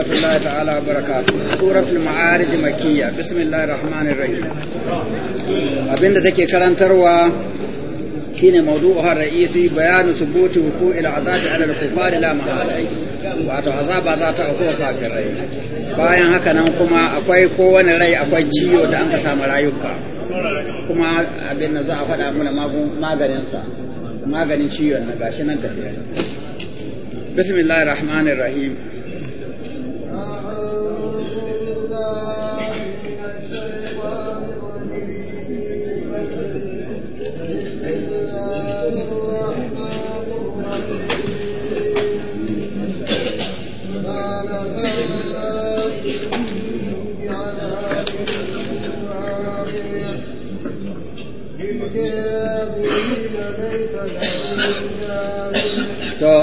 بسم الله تعالى وبركاته سورة المعارج مكية بسم الله الرحمن الرحيم ذكي كلام تروى حين موضوعها الرئيسي بيان ثبوت وقوع العذاب على الكفار لا محالة wato azaba za ta auko kafirai bayan haka nan kuma akwai kowane rai akwai ciwo da an ka samu rayuka kuma abin da za a faɗa mana maganin ciwon na gashi nan tafiya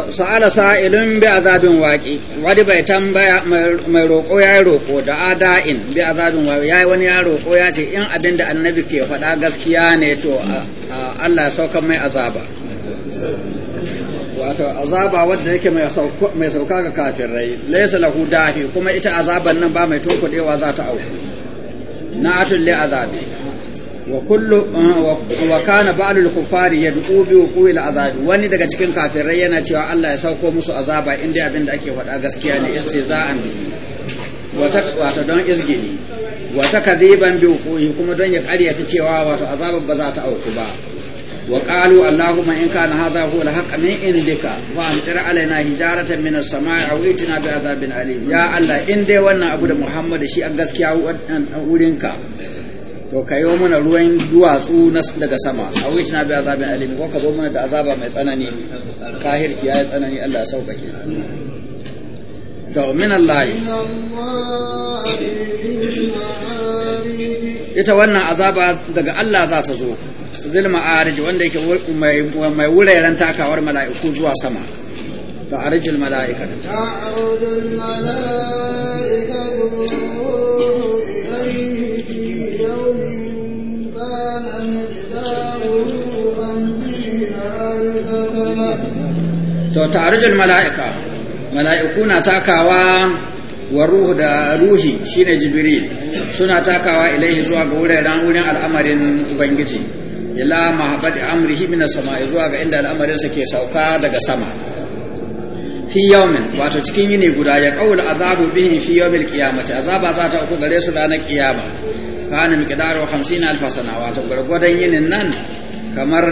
sa'ala sa'ilun bi azabin waqi wani bai tambaya mai roƙo ya yi roƙo da ada'in bi azabin waqi ya yi wani ya roƙo ya ce in abin da annabi ke faɗa gaskiya ne to Allah ya sauka mai azaba wato azaba wadda yake mai sauka ga rai, laisa lahu dafi kuma ita azaban nan ba mai tunkuɗewa za ta auku na li azabi وكل وكان بعض الكفار يدعو بوقوع العذاب وني daga cikin kafirai yana cewa Allah ya sauko musu azaba indai abin da ake faɗa gaskiya ne istizaan wata wata don izgini wata kadiban bi hukumi kuma don ya ƙarya ta cewa wato azaban ba za ta auku ba wa qalu allahumma in kana hadha huwa alhaq min indika wa amtir alaina hijaratan min as-samaa'i aw itina bi azabin alim ya allah in dai wannan abu da muhammad shi an gaskiya wurinka to ka yi mana ruwan duwatsu daga sama a wuce na biya azabin alimi ko ka zo mana da azaba mai tsanani kahir ki yayi tsanani Allah ya sauƙaƙe to min Allah ita wannan azaba daga Allah za ta zo zil ma'arij wanda yake mai mai wuraren takawar mala'iku zuwa sama ta'arijul mala'ika ta'arujul mala'ika to ta'arujul mala'ika mala'iku na takawa wa ruhu da ruhi shine jibril suna takawa ilaihi zuwa ga wuraren wurin al'amarin ubangiji ila mahabbat amrihi min as-sama zuwa ga inda al'amarin ke sauka daga sama fi yawmin wato cikin yini guda ya qaul azabu bihi fi yawmil qiyamati azaba za ta uku gare su ranar kiyama kana miqdaru 50 alf sana wato gargwadan yinin nan kamar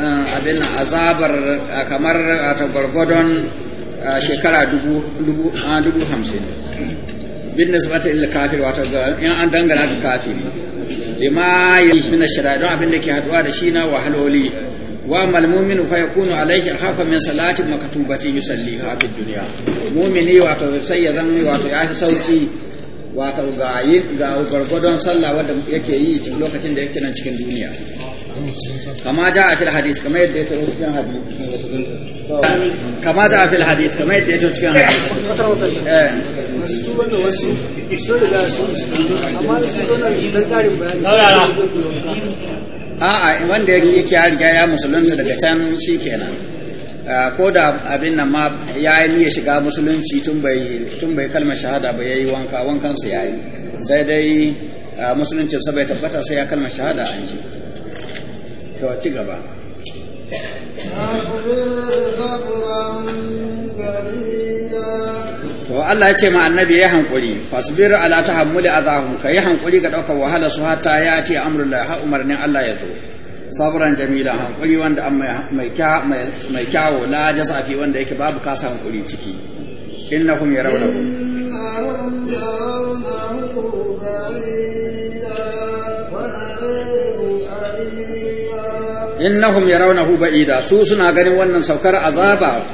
eh, abin azabar eh, kamar ta gwargwadon eh, shekara ah, dubu hamsin bin nisbata ila kafir wata ga in an dangana ga kafiri yi na shari'a don abin da ke haduwa da shi na wahaloli wa malmumin fa yakunu alaihi hafa min salati maktubati yusalliha fi dunya mu'mini wato sai ya zan wato ya fi sauki wato ga yi ga gwargwadon sallah wanda yake yi cikin lokacin da yake nan cikin duniya كما جاء في الحديث كما kama كما جاء في الحديث كما kama ja a fil hadis kama yadda ya taɓa cikin a'a wanda yake ya riga ya musulunta daga can shi kenan ko da abin nan ma ya yi niyyar shiga musulunci tun bai kalmar shahada ba ya yi wanka wankan su yi sai dai musulunci sa tabbata sai ya kalmar shahada a yi to to Allah ya ce ma annabi ya hankuri fasbir ala tahammuli azahum ka yi hankuri ga daukar wahala su hatta ya ce amrullah ha umarnin Allah ya zo sabran jamila hankuri wanda an mai mai kyawo la jasa wanda yake babu kasa hankuri ciki innahum yarawnahu innahum yarawnahu ba'ida innahum yarawnahu ba'ida su suna ganin wannan saukar azaba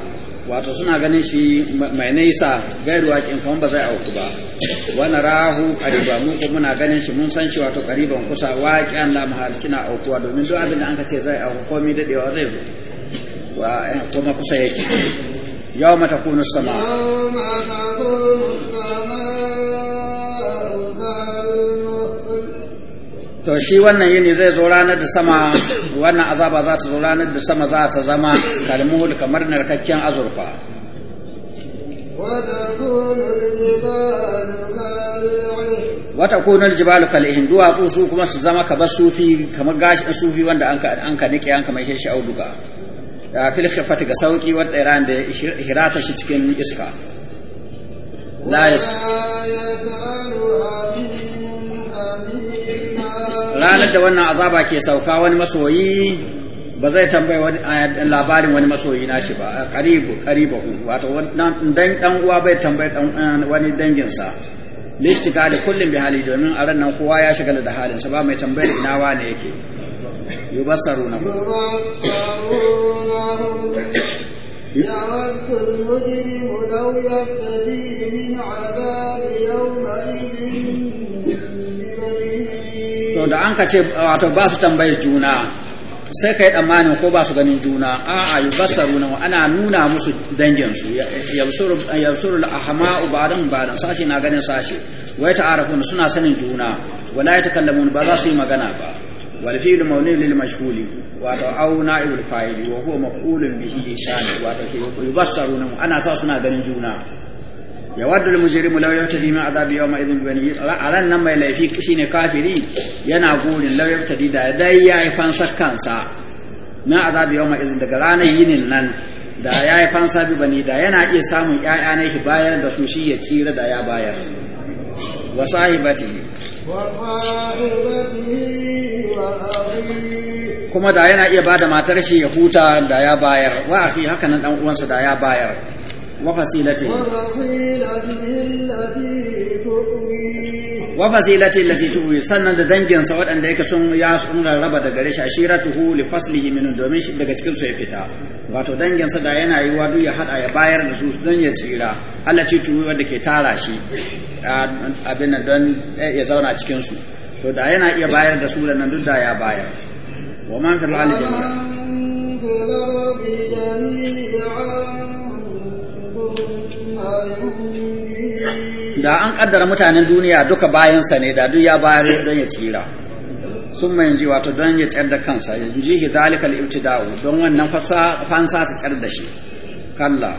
wato suna ganin shi mai nisa gairu kin kuma ba zai auku ba wani rahu ƙariba mu kuma muna ganin shi mun san shi wato ƙariban kusa waƙi an lamu halikina aukuwa domin duk abin da an ka ce zai auku komi daɗewa zai zo wa eh, kuma kusa yake yau yau mata kunu sama to shi wannan yini zai zo ranar da sama wannan azaba za ta zo ranar da sama za ta zama kalmuhul kamar narkakken azurfa wata kunar jibalu kal'ihin duwatsu su kuma su zama kabar sufi kamar gashi sufi wanda an ka nike an mai shi auduga ya fil khifati ga sauki wata iran da hirata shi cikin iska la yas'alu ranar da wannan azaba ke sauka wani masoyi ba zai tambayi wani labarin wani masoyi na shi ba karibu karibu wato dan dan uwa bai tambayi eh, wani danginsa lishtigali kullum bi hali domin a ran nan kowa ya shigala da halin sa ba mai tambayar ina wane yake yubassaruna يود المجرم لو يفتدي من عذاب يومئذ to da an ka ce wato ba su tambayar juna sai ka yi tsammanin ko ba su ganin juna a'a yi basaru na ana nuna musu danginsu yabsuru ahama ubadan ubadan sashi na ganin sashi wai ta arafin suna sanin juna wala ya takallamun ba za su yi magana ba wal fi'lu lil mashhuli wato au na'ibul fa'ili wa huwa maf'ulun bihi shani wato yubasaruna ana sa suna ganin juna ya wadda mu mujrimu law yabtadi min azab yawma idhin bi bani ran nan mai laifi shi ne kafiri yana gurin ta dida da dai ya yi fansar kansa na zabi yau ma'izin daga ranar yinin nan da ya yi fansa bi bani da yana iya samun ƴaƴa na shi bayar da su shi ya tsira da ya bayar wa sahibatihi kuma da yana iya ba da matar shi ya huta da ya bayar wa fi haka nan dan uwansa da ya bayar وفصيلته وفصيلته التي تؤوي sannan da danginsa waɗanda yake sun ya sun raba da gare shi ashiratuhu li faslihi min domin daga cikin su ya fita wato danginsa da yana yi wa ya hada ya bayar da su don ya tsira Allah ce tuwi wanda ke tara shi abin don ya zauna cikin su to da yana iya bayar da su da nan duk da ya bayar wa man fil jami'a da an kaddara mutanen duniya duka bayansa ne da duk ya bayar don ya tsira sun mai ji wato don ya tsar da kansa ya ji hi zalika al-ibtida'u don wannan fasa fansa ta tsar da shi kalla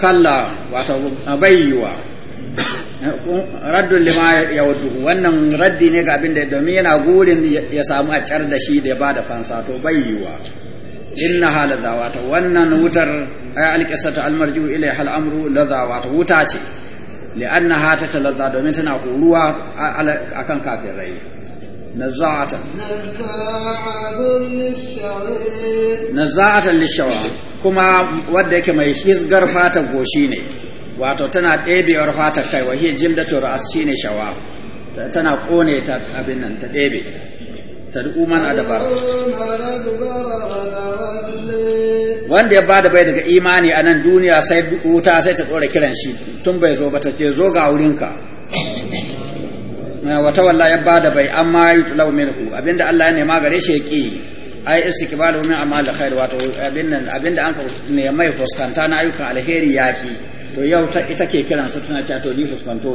kalla wato bayyuwa raddun lima ya wudu wannan raddi ne ga abin da domin yana gurin ya samu a tsar da shi da ya bada fansa to bayyuwa innaha wata wannan wutar ay alqisatu almarju ilayha al'amru wata wuta ce li'annaha tatalazza domin tana huruwa akan kafirai nazza'atan nazza'atan lishawa kuma wadda yake mai hisgar fata goshi ne wato tana ɗebewar fata kai wa hiya jimdatu ra'as ne shawa tana kone ta abin nan ta ɗebe tad'u man adabara wanda ya bada bai daga imani a nan duniya sai wuta sai ta tsora kiran shi tun bai zo ba ta ce zo ga wurinka wata walla ya bada bai amma yi tulau ku abinda Allah ya nema gare shi ya ki ai wani amma da khair wato abinda an ne mai fuskanta na ayyukan alheri yaki to yau ita ke kiran su tana cewa to ni fuskanto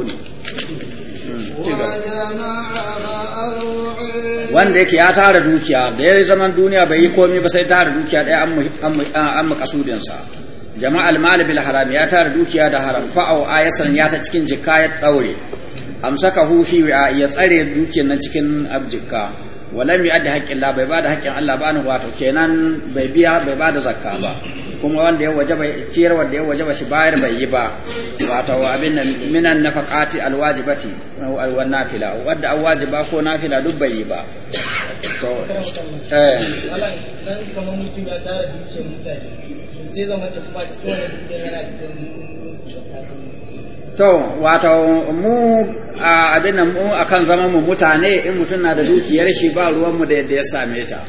wanda yake ya tara dukiya da ya zaman duniya bai yi komi ba sai tara dukiya ɗaya an makasudinsa jama'al malami bil haram ya tara dukiya da haram fa'au ayasan ya ta cikin jikka ya ɗaure amsaka hu fi ya tsare dukiyar nan cikin abjikka walam adda haƙƙin la bai bada haƙƙin Allah ba ni wato kenan bai biya bai bada zakka ba kuma wanda ya wajaba ciyar wanda ya wajaba shi bayar bai yi ba wato abin nan minan nafaqati alwajibati wan nafila wanda an wajiba ko nafila duk bai yi ba to eh dan kamar mutum ya tara dukiyar mutane sai zama ta kuma cikin wannan to wato mu abin nan mu akan zaman mu mutane in mutum na da dukiyar shi ba ruwan mu da yadda ya same ta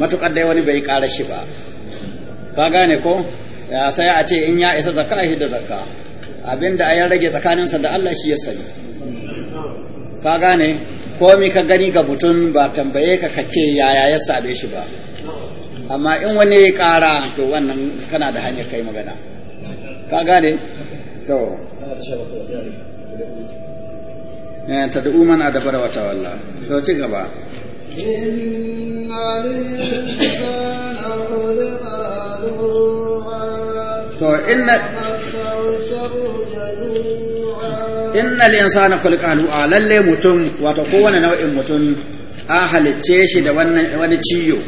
matukar dai wani bai kara shi ba ka gane ko sai a ce in ya isa zakka ya hidda zakka abinda ayan rage tsakaninsa da Allah shi ya sani ka gane komi ka gani ga mutum ba tambaye ka kace yaya ya sabe shi ba amma in wani ya kara to wannan kana da hanyar kai magana ka gane to eh, ta da umana da barawata wallah to ci gaba Inna الإنسان خلق هلوعا إن innal halu'a lalle mutum wato kowane nau'in mutum an halicce shi da wani ciyo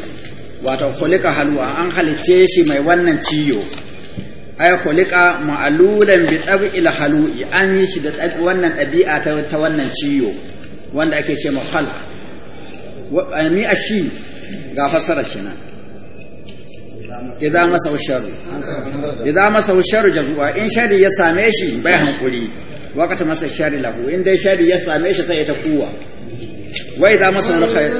wato khuliqa halu'a an halicce shi mai wannan ciyo ai khuliqa ma'alulan bi ila halu'i an yi shi da wannan ɗabi'a ta wannan ciyo wanda ake ce ma Eh, mi ashi ga fassara shi nan idan masa sharu idan masa sharu jazua in shari ya same shi bai hankuri wakata masa shari lahu in dai shari ya same shi sai ya ta kuwa wai idan masa alkhair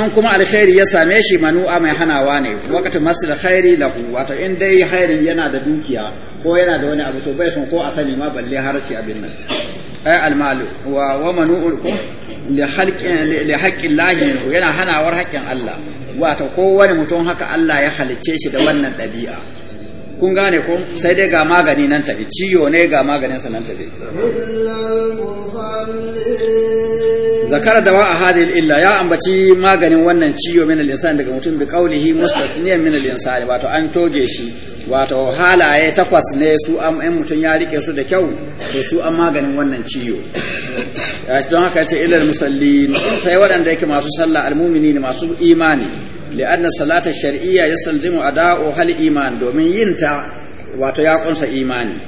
in kuma alkhairi ya same shi manu'a mai hanawa ne wakata masu alkhairi lahu wato in dai hairin yana da dukiya ko yana da wani abu to bai son ko a sani ma balle har shi abin nan ai almalu wa wa manu'ul li halqin li haqqin lahi yana hanawar haƙƙin Allah wato kowane mutum haka Allah ya halicce shi da wannan ɗabi'a kun gane ko sai dai ga magani nan tafi ciyo ne ga maganinsa nan tafi zakara da wa a hadil illa ya ambaci maganin wannan ciyo min al-insan daga mutum bi qawlihi mustatniyan min al-insan wato an toge shi wato halaye takwas ne su am in mutum ya rike su da kyau to su an maganin wannan ciyo don haka ce ilal musallin sai waɗanda yake masu sallah al-mu'minin masu imani li'anna salata shar'iyya yastalzimu ada'u hal iman domin yin ta wato ya kunsa imani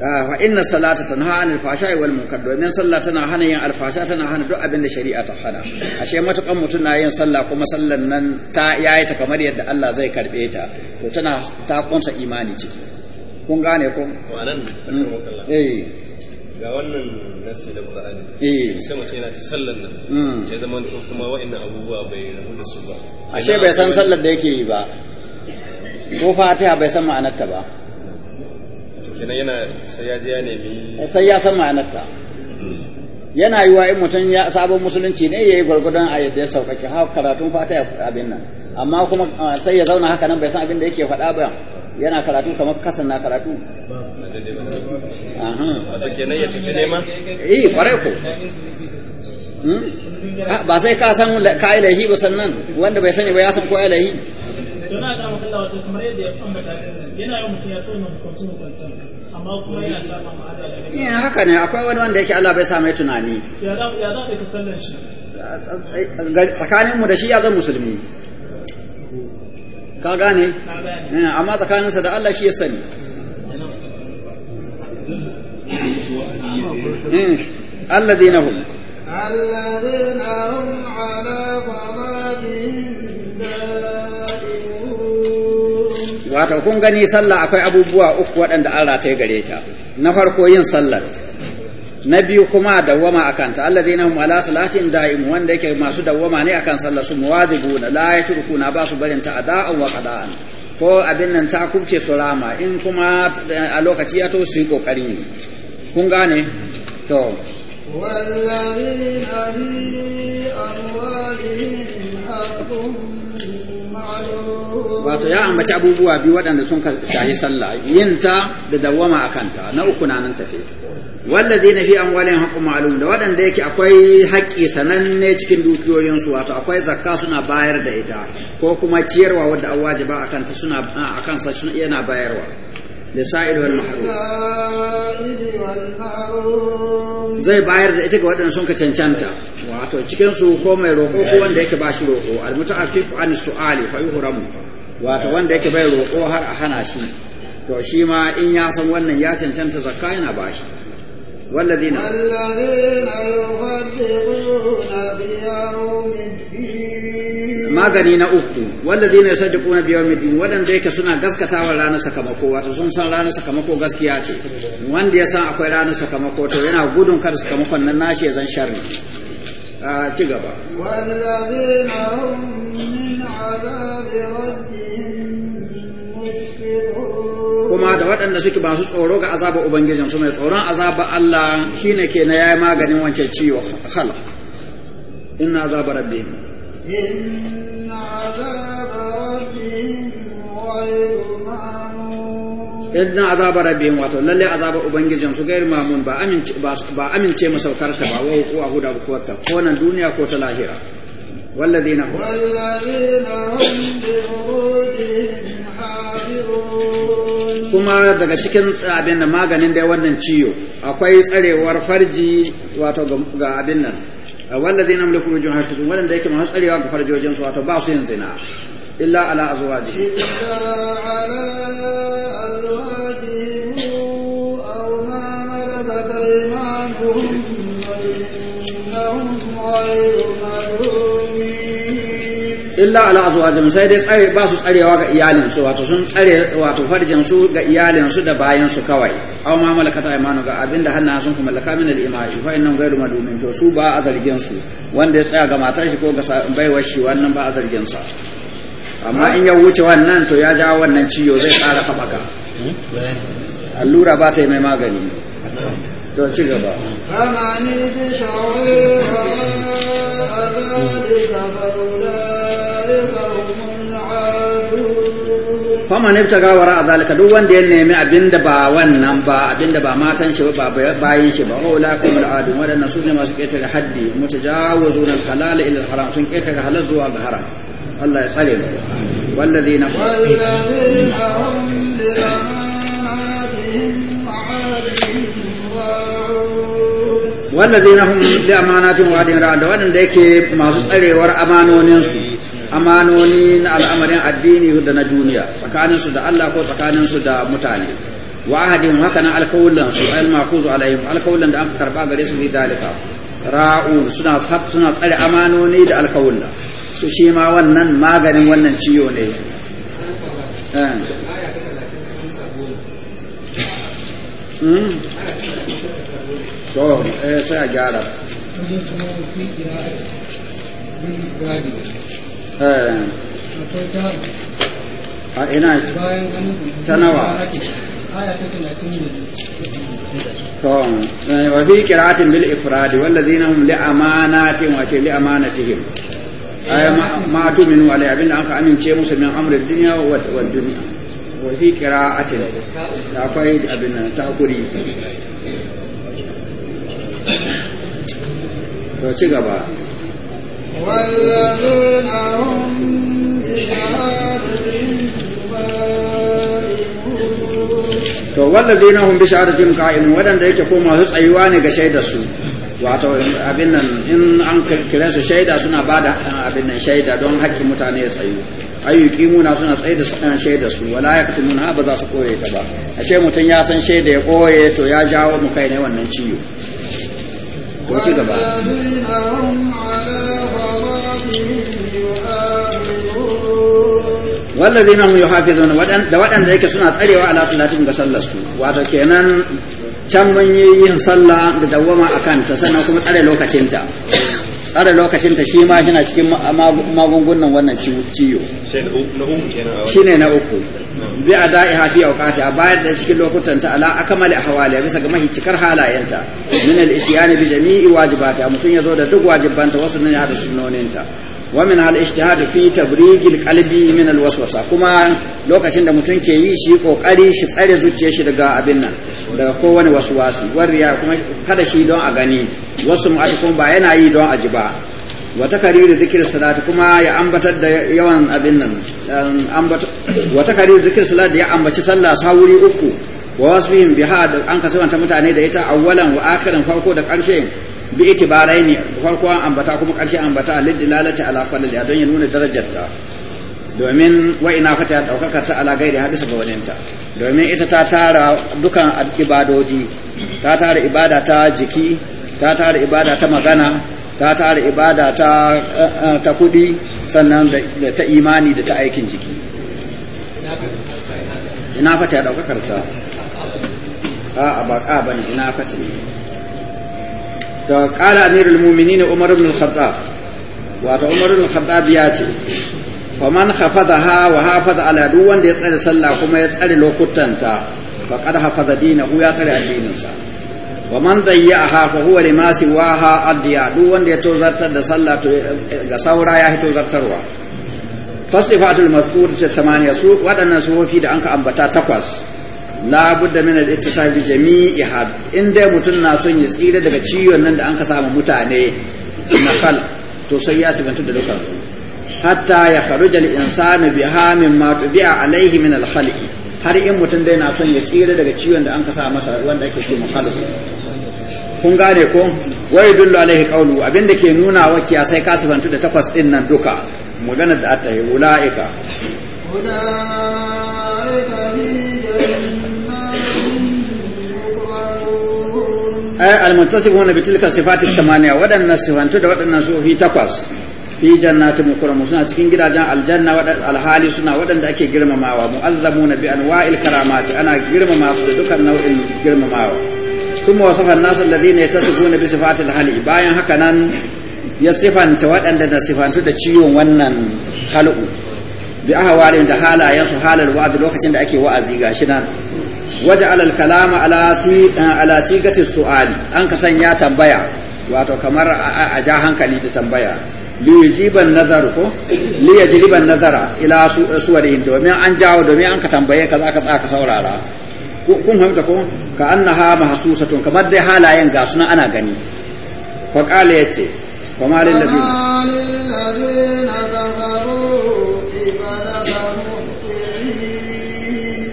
fa inna salata tanha anil fashai wal munkar domin sallah tana hana yin alfasha tana hana duk abin da shari'a ta hana ashe matukan mutum na yin sallah kuma sallar nan ta yayi ta kamar yadda Allah zai karbe ta to ta kunsa imani ciki ga wannan nasi da Qur'ani eh sai mace yana ta sallar nan hmm. ya zama ko kuma wa'in abubuwa bai rabu da su ba ashe bai san sallar da yake yi ba ko fatiha bai san ma'anarta ba kenan yana sai ya je ya nemi sai ya san ma'anarta yana yiwa in mutum ya sabon musulunci ne yayi gurgudan a yadda ya saukake ha karatun fatiha abin nan amma kuma ah, sai ya zauna haka nan bai san abin da yake faɗa ba yana karatu kamar kasan na karatu kenan ya tafi ma. eh kware ko hmm? ba sai ka san ka yi lahi ba sannan wanda bai sani ba ya san ko ya laihi yana da makalla wato kamar yadda ya ambata yana yin mutum ya sauna hukunci hukunci amma kuma yana samun ma'ada da eh, haka ne akwai wani wanda yake Allah bai sa mai tunani ya za ka yi sallan shi tsakaninmu da shi ya zan musulmi ka gane eh, amma tsakaninsa da Allah shi ya sani الذين هم الذين هم على صلاتهم Wata kun gani sallah akwai abubuwa uku waɗanda an rataye gare ta na farko yin sallar na biyu kuma dawwama akan ta alladheena hum ala salatin da'im wanda yake masu dawwama ne akan sallar su muwadibuna la yatrukuna ba su barin ta ada'an wa qada'an ko abin nan ta kuce su rama in kuma a lokaci ya to su yi kokari kun gane to wallahi في أموالهم حق wato ya ambaci abubuwa biyu waɗanda sun shahi sallah yin ta da dawwama a kanta na uku na nan tafe wallazi na fi amwalin hakku ma'lum da waɗanda yake akwai haƙƙi sananne cikin dukiyoyin su wato akwai zakka suna bayar da ita ko kuma ciyarwa wadda an ba a kanta suna a kansa yana bayarwa sa'idu wal mahrum zai bayar da ita ga waɗanda sun ka cancanta wato cikin su ko mai roƙo ko wanda yake ba shi roƙo al muta'affif an su'ali fa yuhramu wato wanda yake bai roƙo har a hana shi to shi ma in ya san wannan ya cancanta zakka yana ba shi والذين magani na uku wallazi ne sadi kuna biyar midin waɗanda yake suna gaskatawa ranar sakamako wato sun san ranar sakamako gaskiya ce wanda ya san akwai ranar sakamako to yana gudun kar sakamakon nan nashi ya zan sharri kuma da waɗanda suke ba su tsoro ga azaba ubangijin su mai tsoron azaba Allah shi ne ke na yi maganin wancan ciwo hala inna azaba rabbi. inna azaba idan azaba rabbihim wato lalle azaba ubangijin su gairi mamun ba amince ba amince masaukarta ba wa hukuwa huda bukuwarta ko nan duniya ko ta lahira walladina walladina kuma daga cikin abin da maganin dai wannan ciyo akwai tsarewar farji wato ga abin nan walladina mulku likurujum wannan da yake mun tsarewa ga farjojin su wato ba su yin zina illa ala azwajihi illa ala azwajihi illa ala azwajihim sai dai tsare ba su tsarewa ga iyalin su wato sun tsare wato farjin su ga iyalin su da bayan su kawai aw ma malakat aymanu ga abinda hanna sun kuma malaka min al-imai fa innahu ghayru madumin to su ba a su wanda ya tsaya ga matar shi ko ga baiwar shi wannan ba a sa amma in ya wuce wannan to ya ja wannan ciyo zai tsara haɓaka allura ba ta yi mai magani to ci gaba ta gawara a zalika duk wanda ya nemi abinda ba wannan ba abinda ba matan shi ba bayin shi ba ula kumul adu wadannan su ne masu ƙetare haddi mutajawazuna jawo halal ila haram sun ketare halal zuwa ga haram Allah ya tsare mu wallazina wallazina hum li wallazina hum li amanatin wadin ra'ad wannan da yake masu tsarewar amanonin su amanonin al'amarin addini da na duniya tsakanin da Allah ko tsakanin da mutane wa hakanan haka nan alkawullan su ayal maquzu alaihim alkawullan da an karba gare su bi dalika ra'u suna tsare amanoni da alkawullan su shi ma wannan maganin wannan ciyo ne to eh sai a gyara a ina ta nawa وفي قراءة بالإفراد والذين هم لأمانات وشيء لأمانتهم ay ma tuminu alai abinda an ka amince musu min amrin dunya wa dunya wa fi qira'atin da akwai abin nan ta hakuri to ci gaba والذين هم to wallazina hum bi shahadatin qa'imun wadanda yake ko masu tsayuwa ne ga shaidar su wato abin nan in an kira su shaida suna ba da uh, abin nan shaida don haƙƙin mutane ya tsayu ayyuki muna suna tsaye da sukan uh, shaida su wala ya katu muna ba za su koye ta ba ashe mutum ya san shaida ya koye to ya jawo mu kai ne wannan ciwo ko ci gaba wallazina hum yuhafizuna da waɗanda yake suna tsarewa ala salatin ga sallar su wato kenan can mun yi yin sallah da dawwama a kanta sannan kuma tsare lokacinta tsare lokacinta shi ma yana cikin magungunan wannan ciwo shi ne na uku bi a da'i hafi auqati a bayar da cikin lokutan ta ala akamali ahwali bisa ga mahicikar halayenta min al-isyani bi jami'i wajibata mutum ya zo da duk wajibanta wasu ne da sunoninta wa min hal ijtihad fi tabrij al qalbi min al waswasa kuma lokacin da mutum ke yi shi kokari shi tsare zuciyar daga abin nan daga kowane waswasi wariya kuma kada shi don a gani wasu mu'ati kuma ba yana yi don a ji ba wa takariru zikir salat kuma ya ambatar da yawan abin nan ambata wa takariru zikir salat ya ambaci sallah sawuri uku wa wasfihim biha an kasanta mutane da ita awwalan wa akhiran farko da karshe bi itibaraini ne farko an ambata kuma karshe an ambata lidilalati ala fadli don ya nuna darajarta domin wa ina fata daukaka ta ala gairi hadisa ga waninta domin ita ta tara dukan ibadoji ta tara ibada ta jiki ta tara ibada ta magana ta tara ibada ta ta kudi sannan da ta imani da ta aikin jiki ina fata daukakar ta a ba ka bane ina fati to qala amirul ne umar ibn al-khattab wato umar ibn khattab ya ce fa man hafadaha wa hafaza ala duk wanda ya tsare sallah kuma ya tsare lokutan ta lokutanta faqad hafaza dinahu ya tsare sa wa man dayyaha fa huwa lima siwaha addiya duk wanda ya tozartar da sallah to ga saura ya hito zartarwa fasifatul mazkur ta tamaniya su waɗannan sufofi da anka ambata takwas la budda min al-ittisal bi jami'iha in dai mutum na son ya tsira daga ciwon nan da an ka samu mutane na kal to sai ya sabanta da dukkan su hatta ya kharuja al-insanu biha mimma tubi'a alayhi min al-khali har in mutum dai na son ya tsira daga ciwon da an ka sa masa wanda ake ce mukhalif kun gane ko wai yadullu alaihi qawlu abinda ke nuna wa kiya sai ka sabanta da takwas din nan duka magana da ta yi ulaika المتصفون بتلك الصفات الثمانية ودنا الصفات fi صفوفي تقص في جنات مكرمون suna cikin gidajen aljanna alhali suna waɗanda ake girmamawa mu'azzamuna bi anwa'il karamat ana girmama su da dukkan nau'in girmamawa kuma wasafa an-nas alladhina yatasifuna bi sifatil hali bayan haka nan ya sifanta waɗanda da sifantu da ciwon wannan halu bi ahwalin da halayen su halar wa'azi lokacin da ake wa'azi gashi nan waja'ala al-kalama ala si eh, ala sigati su'ali an ka sanya tambaya wato kamar a ja hankali da tambaya li yajiban nazar ko li yajiban nazara ila suwari eh, domin an jawo domin an ka tambaye ka zaka tsaka saurara kun fahimta ko ka annaha mahsusatun kamar dai halayen ga suna ana gani fa qala yace wa ma lil ladina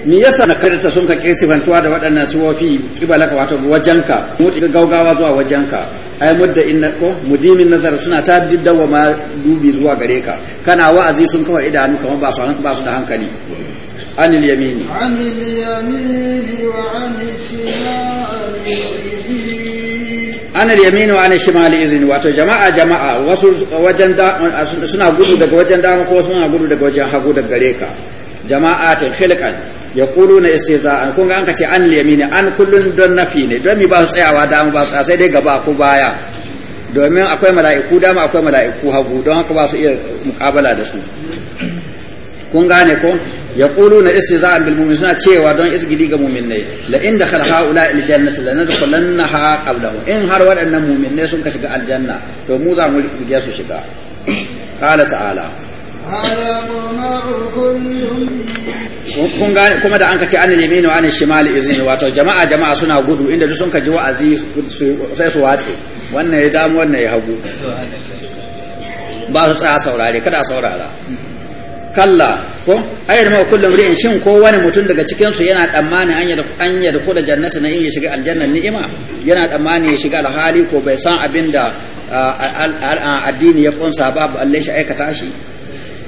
me yasa na karanta sun ka kesifantuwa da waɗannan suwofi kibalaka wato wajenka mutu gaugawa zuwa wajenka ai mudda inna ko mudimin nazar suna ta diddawa ma dubi zuwa gare ka kana wa'azi sun kawai idanu kamar ba su ba su da hankali anil yamini anil yamini wa anil shimali anil yamini wa anil shimali izini wato jama'a jama'a wasu wajen da suna gudu daga wajen dama ko suna gudu daga wajen hagu daga gare ka jama'a ta khilqan Ya kulu isi za a Kunga an kace an ne an kullun don nafi ne don mi ba su tsayawa da an ba su sai dai gaba ko baya domin akwai mala'iku dama akwai mala'iku hagu don haka ba su iya mukabala da su kun gane ko ya kulu isi za a mu'min suna cewa don gidi ga ne la inda dakhala haula al jannati ha qablahu in har waɗannan ne sun ka shiga aljanna to mu za mu riƙe su shiga qala ta'ala kun gane kuma da an kace an yamin wa an shimali izini wato jama'a jama'a suna gudu inda duk sun kaji wa'azi sai su wace wannan ya damu wannan ya hagu ba su tsaya saurare kada saurara kalla ko ayyar ma kullum ri'in shin ko wani mutum daga cikin su yana tsammani an ko da kula na in ya shiga aljannar ni'ima yana tsammani ya shiga alhali ko bai san abinda addini ya kunsa ba balle shi aikata shi كلا كلا إنا خلقناهم مما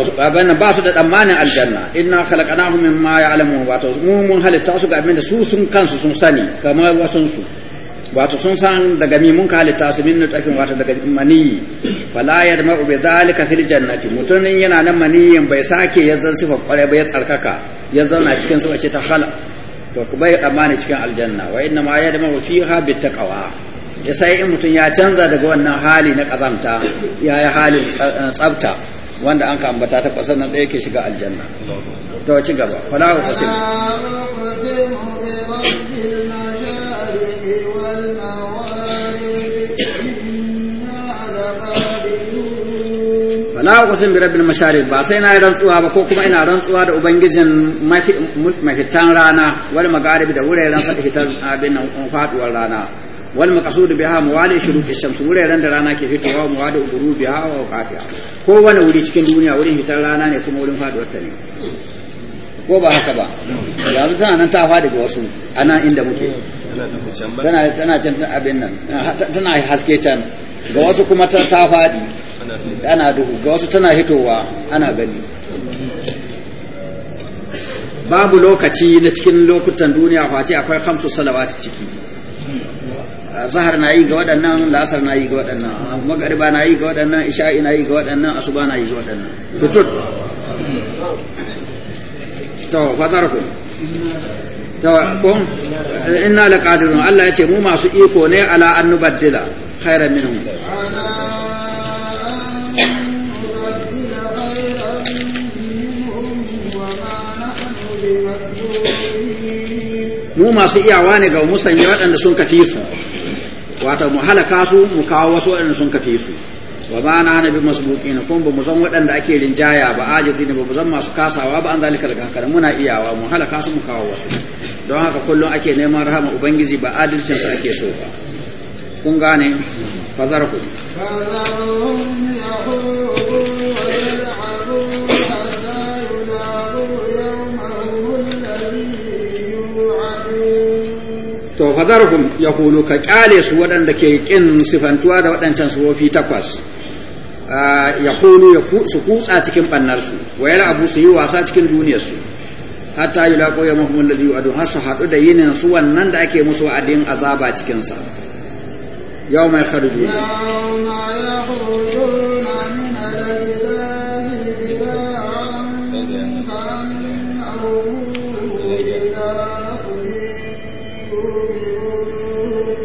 يعلمون ba su da tsammanin aljanna inna khalaqnahum mimma ya'lamun wato mu mun halitta su ga abin da su sun kansu sun sani kamar wasun su wato sun san daga mi mun halitta su min nutakin wato daga maniyi fala yadma'u bi dhalika jannati mutumin yana nan maniyin bai sake ya sifa kware ya tsarkaka ya zauna cikin su ce ta to ku bai amana cikin aljanna wa inna ma ya dama ha bi taqwa ya sai in mutum ya canza daga wannan hali na kazamta ya yi hali tsafta wanda an ka ambata ta kwasan nan da yake shiga aljanna to ci gaba fala ku qasim wala uqsimu bi rabbil masharib ba sai na yi rantsuwa ba ko kuma ina rantsuwa da ubangijin mafi mafitan rana wal magaribi da wuraren sa hitar abin nan faduwar rana wal maqsud biha mawali shuruqi shams wuraren da rana ke fitowa mawali biha wa qafiya ko wani wuri cikin duniya wurin hitar rana ne kuma wurin faduwar ta ne ko ba haka ba yanzu tana nan ta fadi ga wasu ana inda muke tana tana can abin nan tana haske can ga wasu kuma ta faɗi ana duhu ga wasu tana hitowa ana gani babu lokaci na cikin lokutan duniya face akwai hamsu salawati ciki zahar na yi ga waɗannan lasar na yi ga waɗannan magariba na yi ga waɗannan isha'i na yi ga waɗannan asuba na yi ga waɗannan tutut to fazarku ko inna laqadirun Allah ya ce mu masu iko ne ala an nubaddila khairan minhum mu masu iyawa ne ga musanye waɗanda sun kafi su wato mu halaka su mu kawo wasu waɗanda sun kafi su wa ma na nabi na kuma ba mu san waɗanda ake rinjaya ba ajizi ne ba mu san masu kasawa ba an zalika daga muna iyawa mu halaka su mu kawo wasu don haka kullum ake neman rahama ubangiji ba adalcin sa ake so ba kun gane ku to ya yaqulu ka kyale su waɗanda ke kin sifantuwa da waɗancan sufofi takwas ya hulu su kutsa cikin ɓannarsu wa yana abu su yi wasa cikin duniyarsu hatta yi laƙo ya mahimmin lalliyu a har su haɗu da yinin su wannan da ake musu wa'adin azaba cikinsa yau mai kharju yau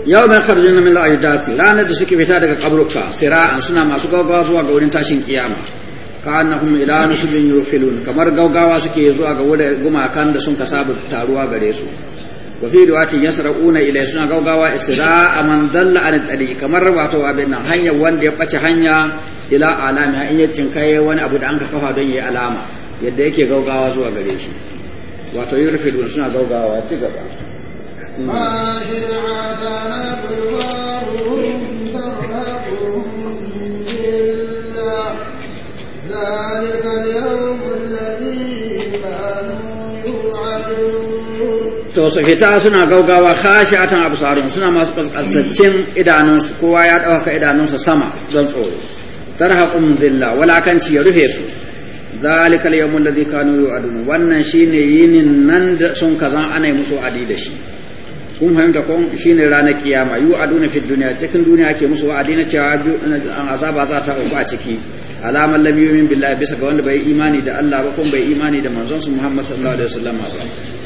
yau mai kharjin min al-ajdati ranar da suke fita daga kabruka sira'an suna masu gaugawa zuwa ga wurin tashin kiyama kanahum ila nusbin yufilun kamar gaugawa suke zuwa ga wurin gumakan da sun kasaba taruwa gare su wa fi riwayatin yasra'una ila suna gaugawa isra'a man dalla an tariq kamar wato abin nan hanya wanda ya bace hanya ila alama in ya cinkaye wani abu da an ka kafa don yayi alama yadda yake gaugawa zuwa gare shi wato yurfilun suna gaugawa ci gaba to su fita suna gaugawa kashi abu absarun suna masu ƙasƙantaccen idanunsu kowa ya ɗauka idanunsa sama don tsoro haƙun zilla walakanci ya rufe su zalika yawmul ladhi kanu yu'adun wannan shine yinin nan da sun kazan ana musu adi da shi kun fahimta ko shine ranar kiyama yu aduna fi duniya cikin duniya ke musu wa'adi na cewa azaba za ta auku a ciki alamar lam yu'min billahi bisa ga wanda bai imani da Allah ba kuma bai imani da manzon su Muhammad sallallahu alaihi wasallam ba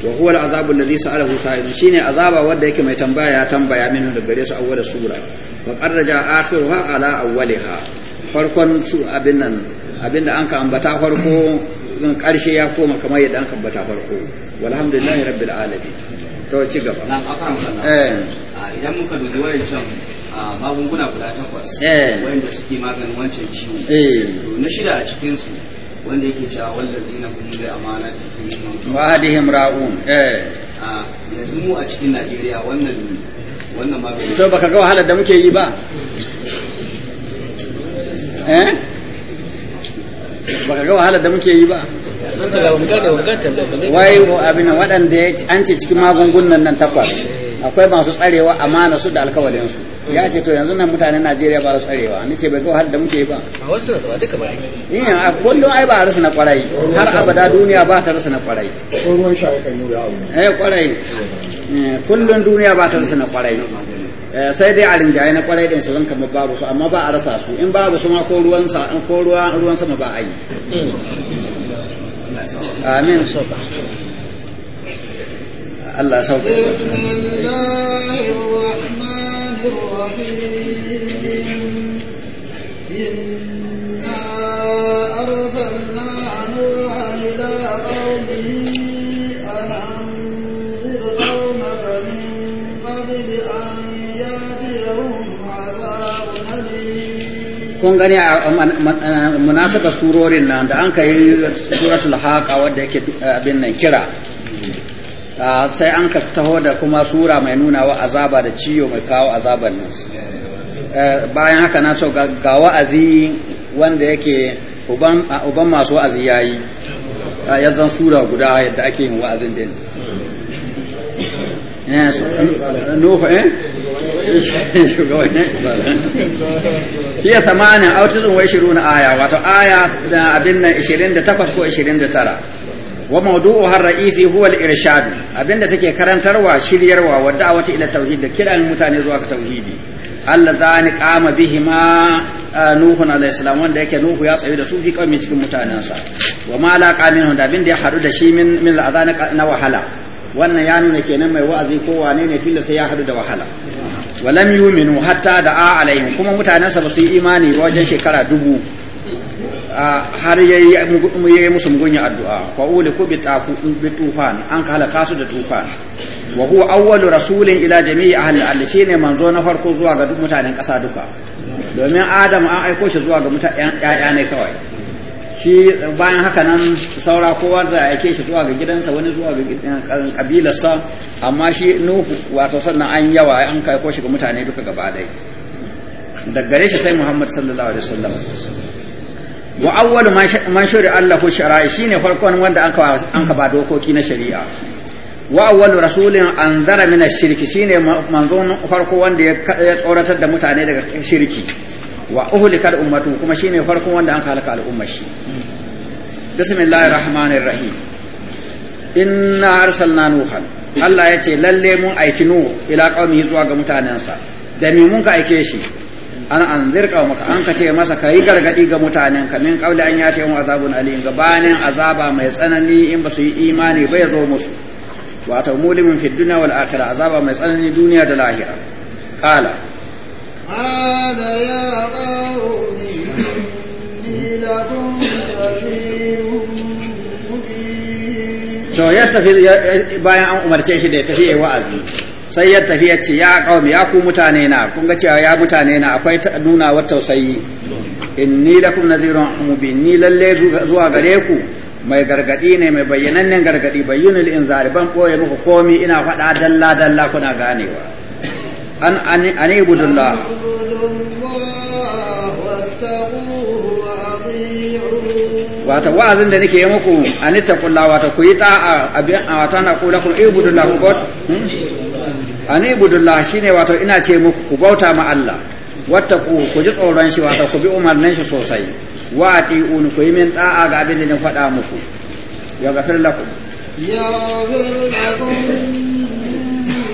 wa huwa al'azabu alladhi sa'alahu sa'il shine azaba wanda yake mai tambaya ya tambaya min da gare su awwal sura wa qarraja akhiruha ala awwaliha farkon su abin nan abinda an ka ambata farko karshe ya koma kamar yadda an ka ambata farko walhamdulillahi rabbil alamin to ci gaba nan akan eh ah, idan muka dubi can ah, magunguna guda takwas eh wanda suke maganin wancan ciwo eh to na shida a cikin su wanda yake cewa wallazi na kun da amana cikin wa hadihim ra'un eh ah, yanzu mu a cikin Najeriya wannan wannan magani to baka ga wahalar da muke yi ba eh baka ga wahala da muke yi ba wai abin waɗanda an ce cikin magungunan nan takwas akwai masu tsarewa amana su da alkawalinsu ya ce to yanzu nan mutanen Najeriya ba su tsarewa ni ce bai ga wahala da muke yi ba a wasu ba duka ba yi a kullum ai ba a rasa na kwarai har abada duniya ba ta rasa na kwarai eh, kwarai eh, kullum duniya ba ta rasa na kwarai Eh, sai dai a rinjaye na kwarai ɗin su zan kama babu su amma ba a rasa su in babu su ma ko ruwan ko ruwan sama ba a yi amin sauka Allah sauka إنا أرسلنا نوحا إلى قومه أنا kun gani a munasabar surorin nan da an kai suratul haqa wadda yake eh, abin nan kira ah, sai an ka taho da kuma sura mai nuna wa azaba da ciyo mai kawo azaban nan eh, bayan haka na so ga wa'azi wanda yake uban masu wa'azi yayi ya zan sura guda yadda ake yin wa'azin din eh, Nuhu eh hiya samanin autizun wai shiru na aya wato aya da abin nan takwas ko 29 wa mawdu'u har ra'isi huwa al-irshad abinda take karantarwa shiryarwa wa da'wati ila tauhid da kiran mutane zuwa ga tauhidi allazani qama bihima nuhun alayhi salam wanda yake nuhu ya tsaye da su fi kawai cikin mutanensa wa ma laqa minhu da abinda ya hadu da shi min min na wahala wannan ya nuna kenan mai wa'azi ko wane ne tilla sai ya hadu da wahala walam yuminu hatta da a alaihim kuma mutanensa ba su yi imani ba wajen shekara dubu har yayi yi musu mugunya addu'a fa uli ku bi tufan an kala kasu da tufan wa huwa awwalu rasulin ila jami'i ahli al shine manzo na farko zuwa ga duk mutanen ƙasa duka domin adam an aiko shi zuwa ga mutanen ƴaƴa ne kawai shi bayan haka nan saura kowa za a aike shi zuwa ga gidansa wani zuwa ga eh, kabilarsa amma shi nuhu wato sannan an yawa an kai ko shi ga mutane duka gaba ɗaya daga gare shi sai muhammad sallallahu alaihi wasallam wa awwalu man shari'a Allah allahu shara'i shine farkon wanda an ka an ka ba dokoki na shari'a wa awwalu rasulin anzara min ash-shirki shine manzon farko wanda ya tsoratar da mutane daga shirki wa uhlikal ummatu kuma shine farkon wanda an halaka al'ummar shi bismillahir rahmanir rahim inna arsalna nuha Allah ya ce lalle mun aiki nu ila qaumi zuwa ga mutanensa da me mun ka aike shi an zirka maka an ka ce masa kai gargadi ga mutanenka min qawli an yati mu azabun alim gabanin azaba mai tsanani in ba su yi imani ba yazo zo musu wato mulimin fi dunya wal akhirah azaba mai tsanani duniya da lahira kala. قال يا قوم لكم to ya tafi bayan an umarce shi da ya tafi yayi wa'azi sai ya tafi ya ce ya qaumi ya ku mutane na kun ga cewa ya mutane na akwai nuna wa tausayi da kuma nadhirun mubin ni lalle zuwa gare ku mai gargadi ne mai bayyanannen gargadi bayyinul inzari ban boye muku komi ina faɗa dalla dalla kuna ganewa an an الله wata wa'azin da nake yi muku an ittaqullah wata ku yi ta'a abin wata na kula kun ibudullah ku bauta an shi shine wato ina ce muku ku bauta ma Allah wata ku ji tsoron shi wato ku bi umarnin shi sosai wa ati'un ku yi min ta'a ga abin da na faɗa muku ya gafir lakum ya gafir lakum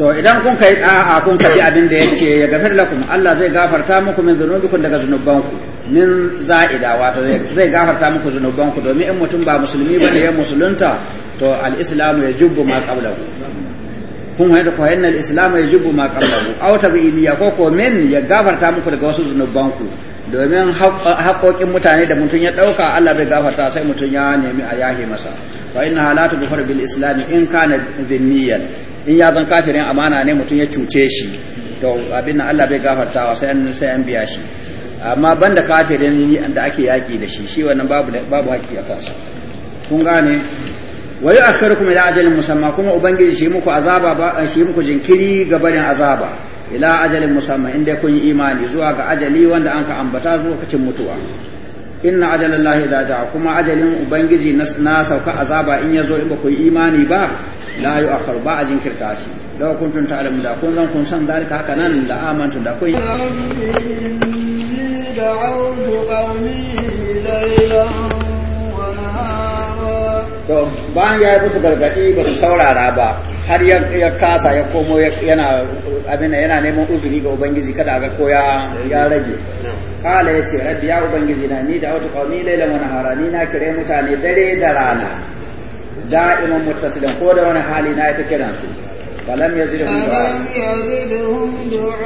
to idan kun kai a'a kun kaji abin da ce ya gafir lakum Allah zai gafarta muku min zunubikum daga zunubanku min za'ida wato zai gafarta muku zunubanku domin in mutum ba musulmi ba ne ya musulunta to al-islam yajibu ma qablahu kun wani da kwayan al-islam yajibu ma qablahu aw tabi'iliya ko ko min ya gafarta muku daga wasu zunubanku domin haƙoƙin mutane da mutum ya ɗauka Allah bai gafarta sai mutum ya nemi a yahe masa wa inna halatu bi bil islam in kana dhinniyan in ya zan kafirin amana ne mutum ya cuce shi to abin nan Allah bai gafartawa sai an sai an biya shi amma banda kafirin da ake yaki da shi shi wannan babu babu haƙi a kansa kun gane wa yu'akhirukum ila ajalin musamma kuma ubangiji shi muku azaba ba shi muku jinkiri ga barin azaba ila ajalin musamma inda kun yi imani zuwa ga ajali wanda an ka ambata zuwa kacin mutuwa inna ajalallahi idza ja kuma ajalin ubangiji na sauka azaba in yazo in ba ku yi imani ba la yu'akhkhar ba a jinkirta shi law ta ta'lamu da kun zan kun san dalika haka nan da amantu da kai to bayan ya yi musu gargadi ba su saurara ba har ya kasa ya komo yana abin neman uzuri ga ubangiji kada ga koya ya rage kala ya ce rabbi ya ubangiji na ni da wata qaumi lailan wa nahara na kire mutane dare da rana da'iman muttasilan ko da wani hali na ita kiran su falam yazidhum falam yazidhum du'a'i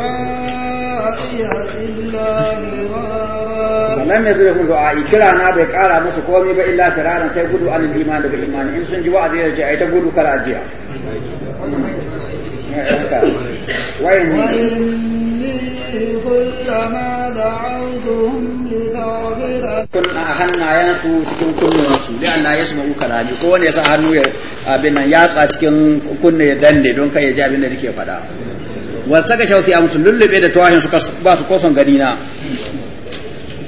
illa firara falam yazidhum du'a'i kira na bai kara musu komai ba illa firaran sai gudu an iman daga imani in sun ji wa'azi ya A ai ta gudu kar ajiya wayin كلما دعوتهم لتغفر كنا أخنا ينسو تكن كنا ينسو ko يسمعوا كلامي كون يسعى أنه abin nan ya tsa cikin kunne ya danne don kai ya ji abin da nake faɗa wata ga shausi musu lullube da tawahin suka ba su koson gani na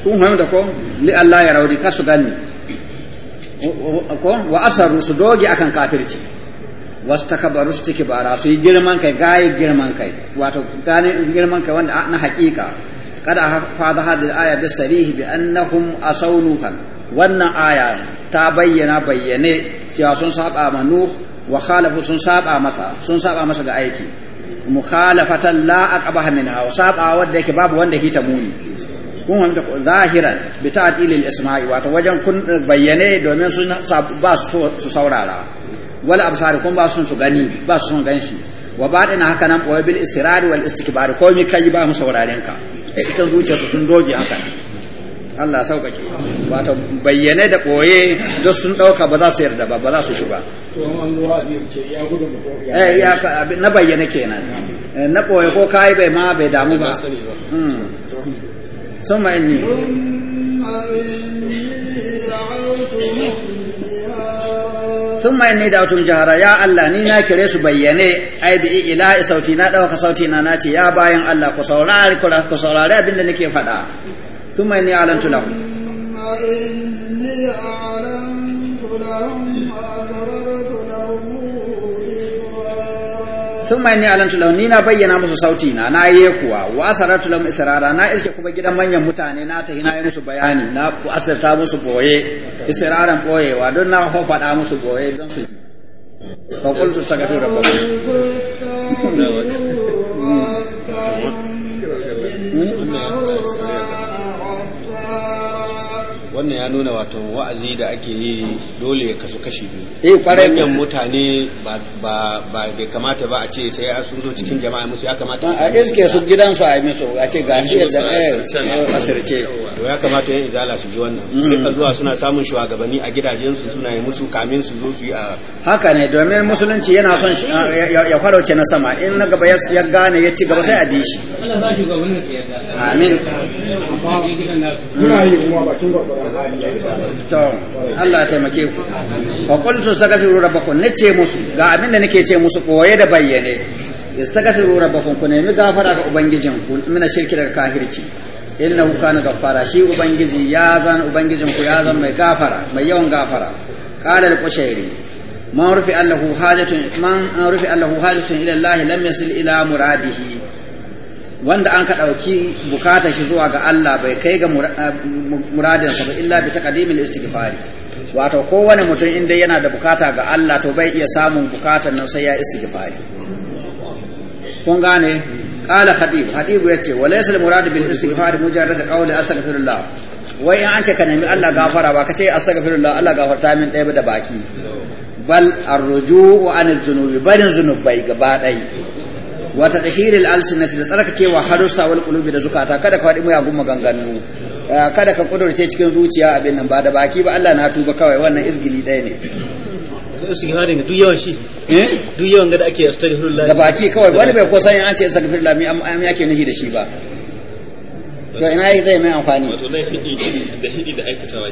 kun da ko li Allah ya raudi ka gani ko wa asaru su doge akan kafirci wastakbaru istikbara su yi girman kai gaye girman kai wato gane girman kai wanda na kada fada hadhihi aya bi sarihi bi annahum wannan aya ta bayyana bayyane cewa sun saba ma wa khalafu sun saba masa sun saba masa ga aiki mukhalafatan la aqbaha minha wa saba wanda yake babu wanda hita muni kun wanda zahiran bi ta'dil ismai wato wajen kun bayyane domin sun ba su saurara wala absar kun ba sun su gani ba su sun ganshi wa badina haka nan boye bil israr wal istikbar ko mi kai ba mu sauraren ka cikin sun doge haka Allah wato bayyane da ɓoye da sun ba za su yarda ba ba za su shiga na bayyane kenan eh, na ɓoye ko kayi bai ma bai damu ba hmm. sun sun ma ni da wutum jahara ya Allah ni na kire su bayyane ai bi ila sauti na dauka sauti na nace ya bayan Allah ku saurari ku saurari abinda nake faɗa sun ma ni alantu thumma inni alantu lahum ni na bayyana musu sauti na na yi kuwa wa asaratu lahum israra na iske kuma gidan manyan mutane na tahi na yi musu bayani na ku asarta musu boye israran boyewa don na ho fada musu boye don su fa qultu sagadu rabbakum wannan ya nuna wato wa'azi da ake yi dole ya kasu kashi biyu eh kwarai manyan mutane ba ba ba kamata ba a ce sai a sun zo cikin jama'a musu ya kamata a iske su gidan su a yi musu a ce ga shi da eh, asirce to ya kamata yan izala su ji wannan mm. duka zuwa suna samun shugabanni a gidajen su suna yi musu kamin su zo su yi a haka ne domin musulunci yana son ya farauce na sama in na gaba ya gane ya ci gaba sai a bi shi Allah za ki ga wannan yarda amin muna yi kuma bakin gaba to Allah ya taimake ku wa qultu astaghfiru rabbakum nace musu ga abin da nake ce musu koye da bayyane astaghfiru rabbakum ku nemi gafara ga ubangijin ku mina shirki daga kafirci innahu kana gaffara shi ubangiji ya zan ubangijin ku ya zan mai gafara mai yawan gafara qala al-qushairi man rufi allahu hajatun man rufi allahu hajatun ila allah lam yasil ila muradihi wanda an ka ɗauki bukata shi zuwa ga Allah bai kai ga eh, muradinsa ba illa bi taqdimil istighfari wato kowane mutum inda yana da bukata ga Allah to bai iya samun bukatar nan sai ya istighfari kun gane qala khatib khatib yace walaysa al murad bil istighfar mujarrad qawli astaghfirullah wai in an ce ka nemi Allah gafara ba ka ce astaghfirullah Allah gafarta min ɗaya da baki bal wa anil zunubi barin zunubai gaba ɗaya wata tadhhiril alsinati da tsarkakewa harusa wal qulubi da zukata kada ka ya muyagun maganganu eh, kada ka kudurce cikin zuciya abin nan ba da baki ba Allah na tuba kawai wannan izgili ɗaya ne istighfarin duk yawan shi eh? duk yawan ga da ake astaghfirullah da baki kawai wani bai ko san an ce astaghfirullah mi am yake nahi da shi ba to ina yi zai mai amfani wato da hidi da aikatawa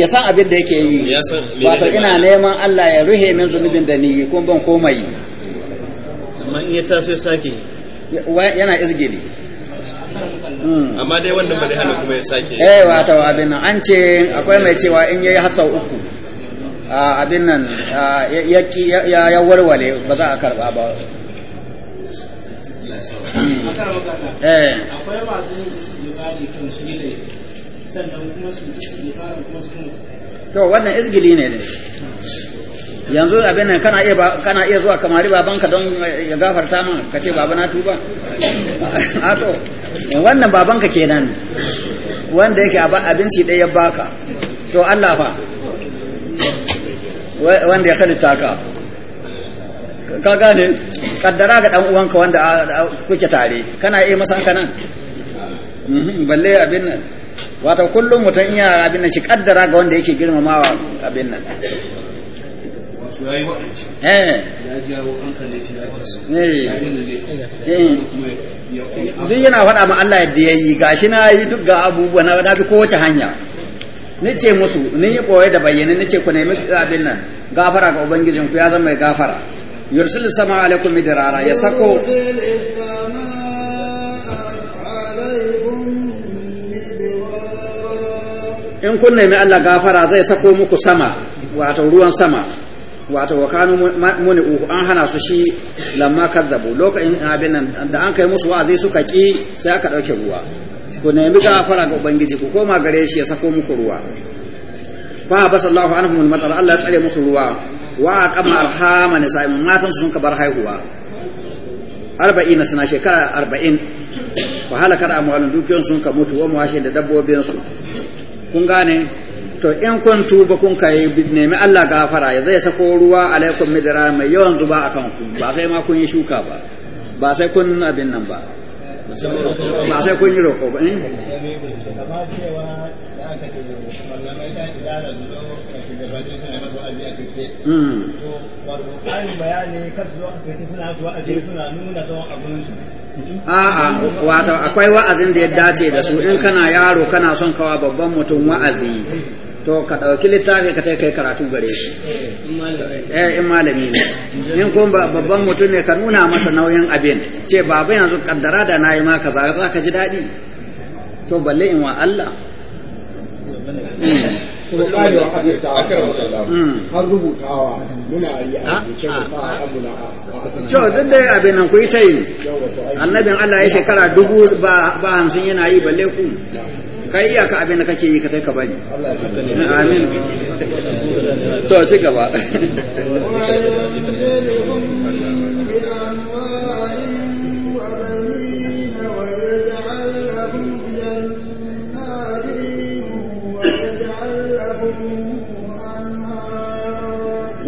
ya san abin da yake yi Ya san wato ina neman Allah ya ruhe min zunubin da ni ko ban komai amma in ya yana izgili hmm. amma dai wanda kuma ya sake eh an ce akwai mai cewa in yayi hasau uku abin nan ya ya warware ba za a karba ba hmm. eh. to wannan izgili ne ne yanzu abin nan kana iya kana iya zuwa kamari babanka don eh, ya gafarta min ka ce baba na tuba a to wannan babanka kenan wanda yake abinci ɗaya ya baka to Allah fa wanda ya halitta ka ka gane kaddara ga dan uwanka wanda ah, kuke tare kana iya masa haka nan mhm, balle abin nan wato kullum mutum iya abin nan shi kaddara ga wanda yake girmamawa abin nan duk yana faɗa ma Allah yadda ya yi gashi na yi duk ga abubuwa na bi kowace hanya ni ce musu ni yi ɓoye da bayyana ni ce ku nemi abin nan gafara ga ku ya zama mai gafara yursil sama alaikum midrara ya sako in kun nemi Allah gafara zai sako muku sama wato ruwan sama wato wa kanu muni uhu an hana su shi lamma kazzabu lokacin abin nan da an kai musu wa'azi suka ki sai aka dauke ruwa ku nemi gafara ga ubangiji ku koma gare shi ya sako muku ruwa fa ba sallahu anhum al-matar Allah ya tsare musu ruwa wa kama arhama sai matan sun ka bar haihuwa 40 sana shekara 40 wa halaka amwalun dukiyon sun ka mutu wa washe da dabbobin su kun gane to in kun tuba kun kai nemi Allah gafara ya zai sako ruwa alaikum midrar mai yawan zuba kan ku ba sai ma kun yi shuka ba ba sai kun abin nan ba ba sai kun yi roƙo ba ne eh? hmm. A'a, wato akwai wa'azin da ya dace da su in kana yaro kana son kawa babban mutum wa'azi to ka ɗauki littafi ka kai karatu gare shi eh in malami ne in kun babban mutum ne ka nuna masa nauyin abin ce baba yanzu kaddara da nayi ma ka za ka ji daɗi to balle in wa Allah mm. mm. har rubutawa muna yi ah, ah. duk dai abin nan ku yi ta yi annabin Allah ya shekara dubu ba hamsin yana yi balle ku kai iyaka abin da kake yi ka kai ka bari amin to ci gaba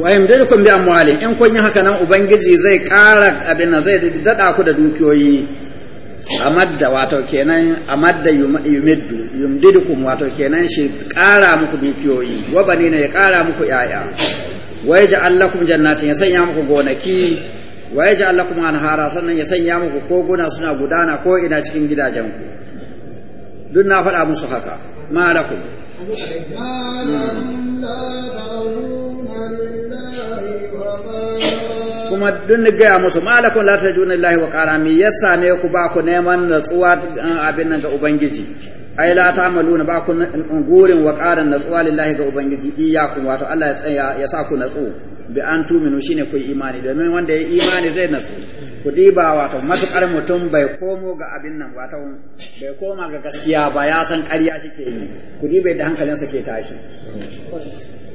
wa kun bi amwalin in kun yi haka nan ubangiji zai kara abin nan zai dada ku da dukiyoyi amadda wato kenan amadda yumiddu yumdidukum wato kenan shi ƙara muku dukiyoyi wa ne ya kara muku yaya wa yaj'al lakum jannatin ya sanya muku gonaki wa yaj'al lakum anhara sannan ya sanya muku koguna suna gudana ko ina cikin gidajen ku duk na faɗa musu haka ma lakum kuma dun gaya musu malakun la juna lillahi wa qarami ya same ku ba ku neman natsuwa eh, abin nan ga ubangiji ai la maluna ba ku gurin wa qaran natsuwa lillahi ga ubangiji iyyakum wato Allah ya tsaya ya sa ku natsu bi an tuminu shine ku imani domin wanda ya imani zai natsu ku diba wato matukar mutum bai komo ga abin nan wato bai koma ga gaskiya ba ya san ƙarya shike yi ku diba da hankalinsa ke tashi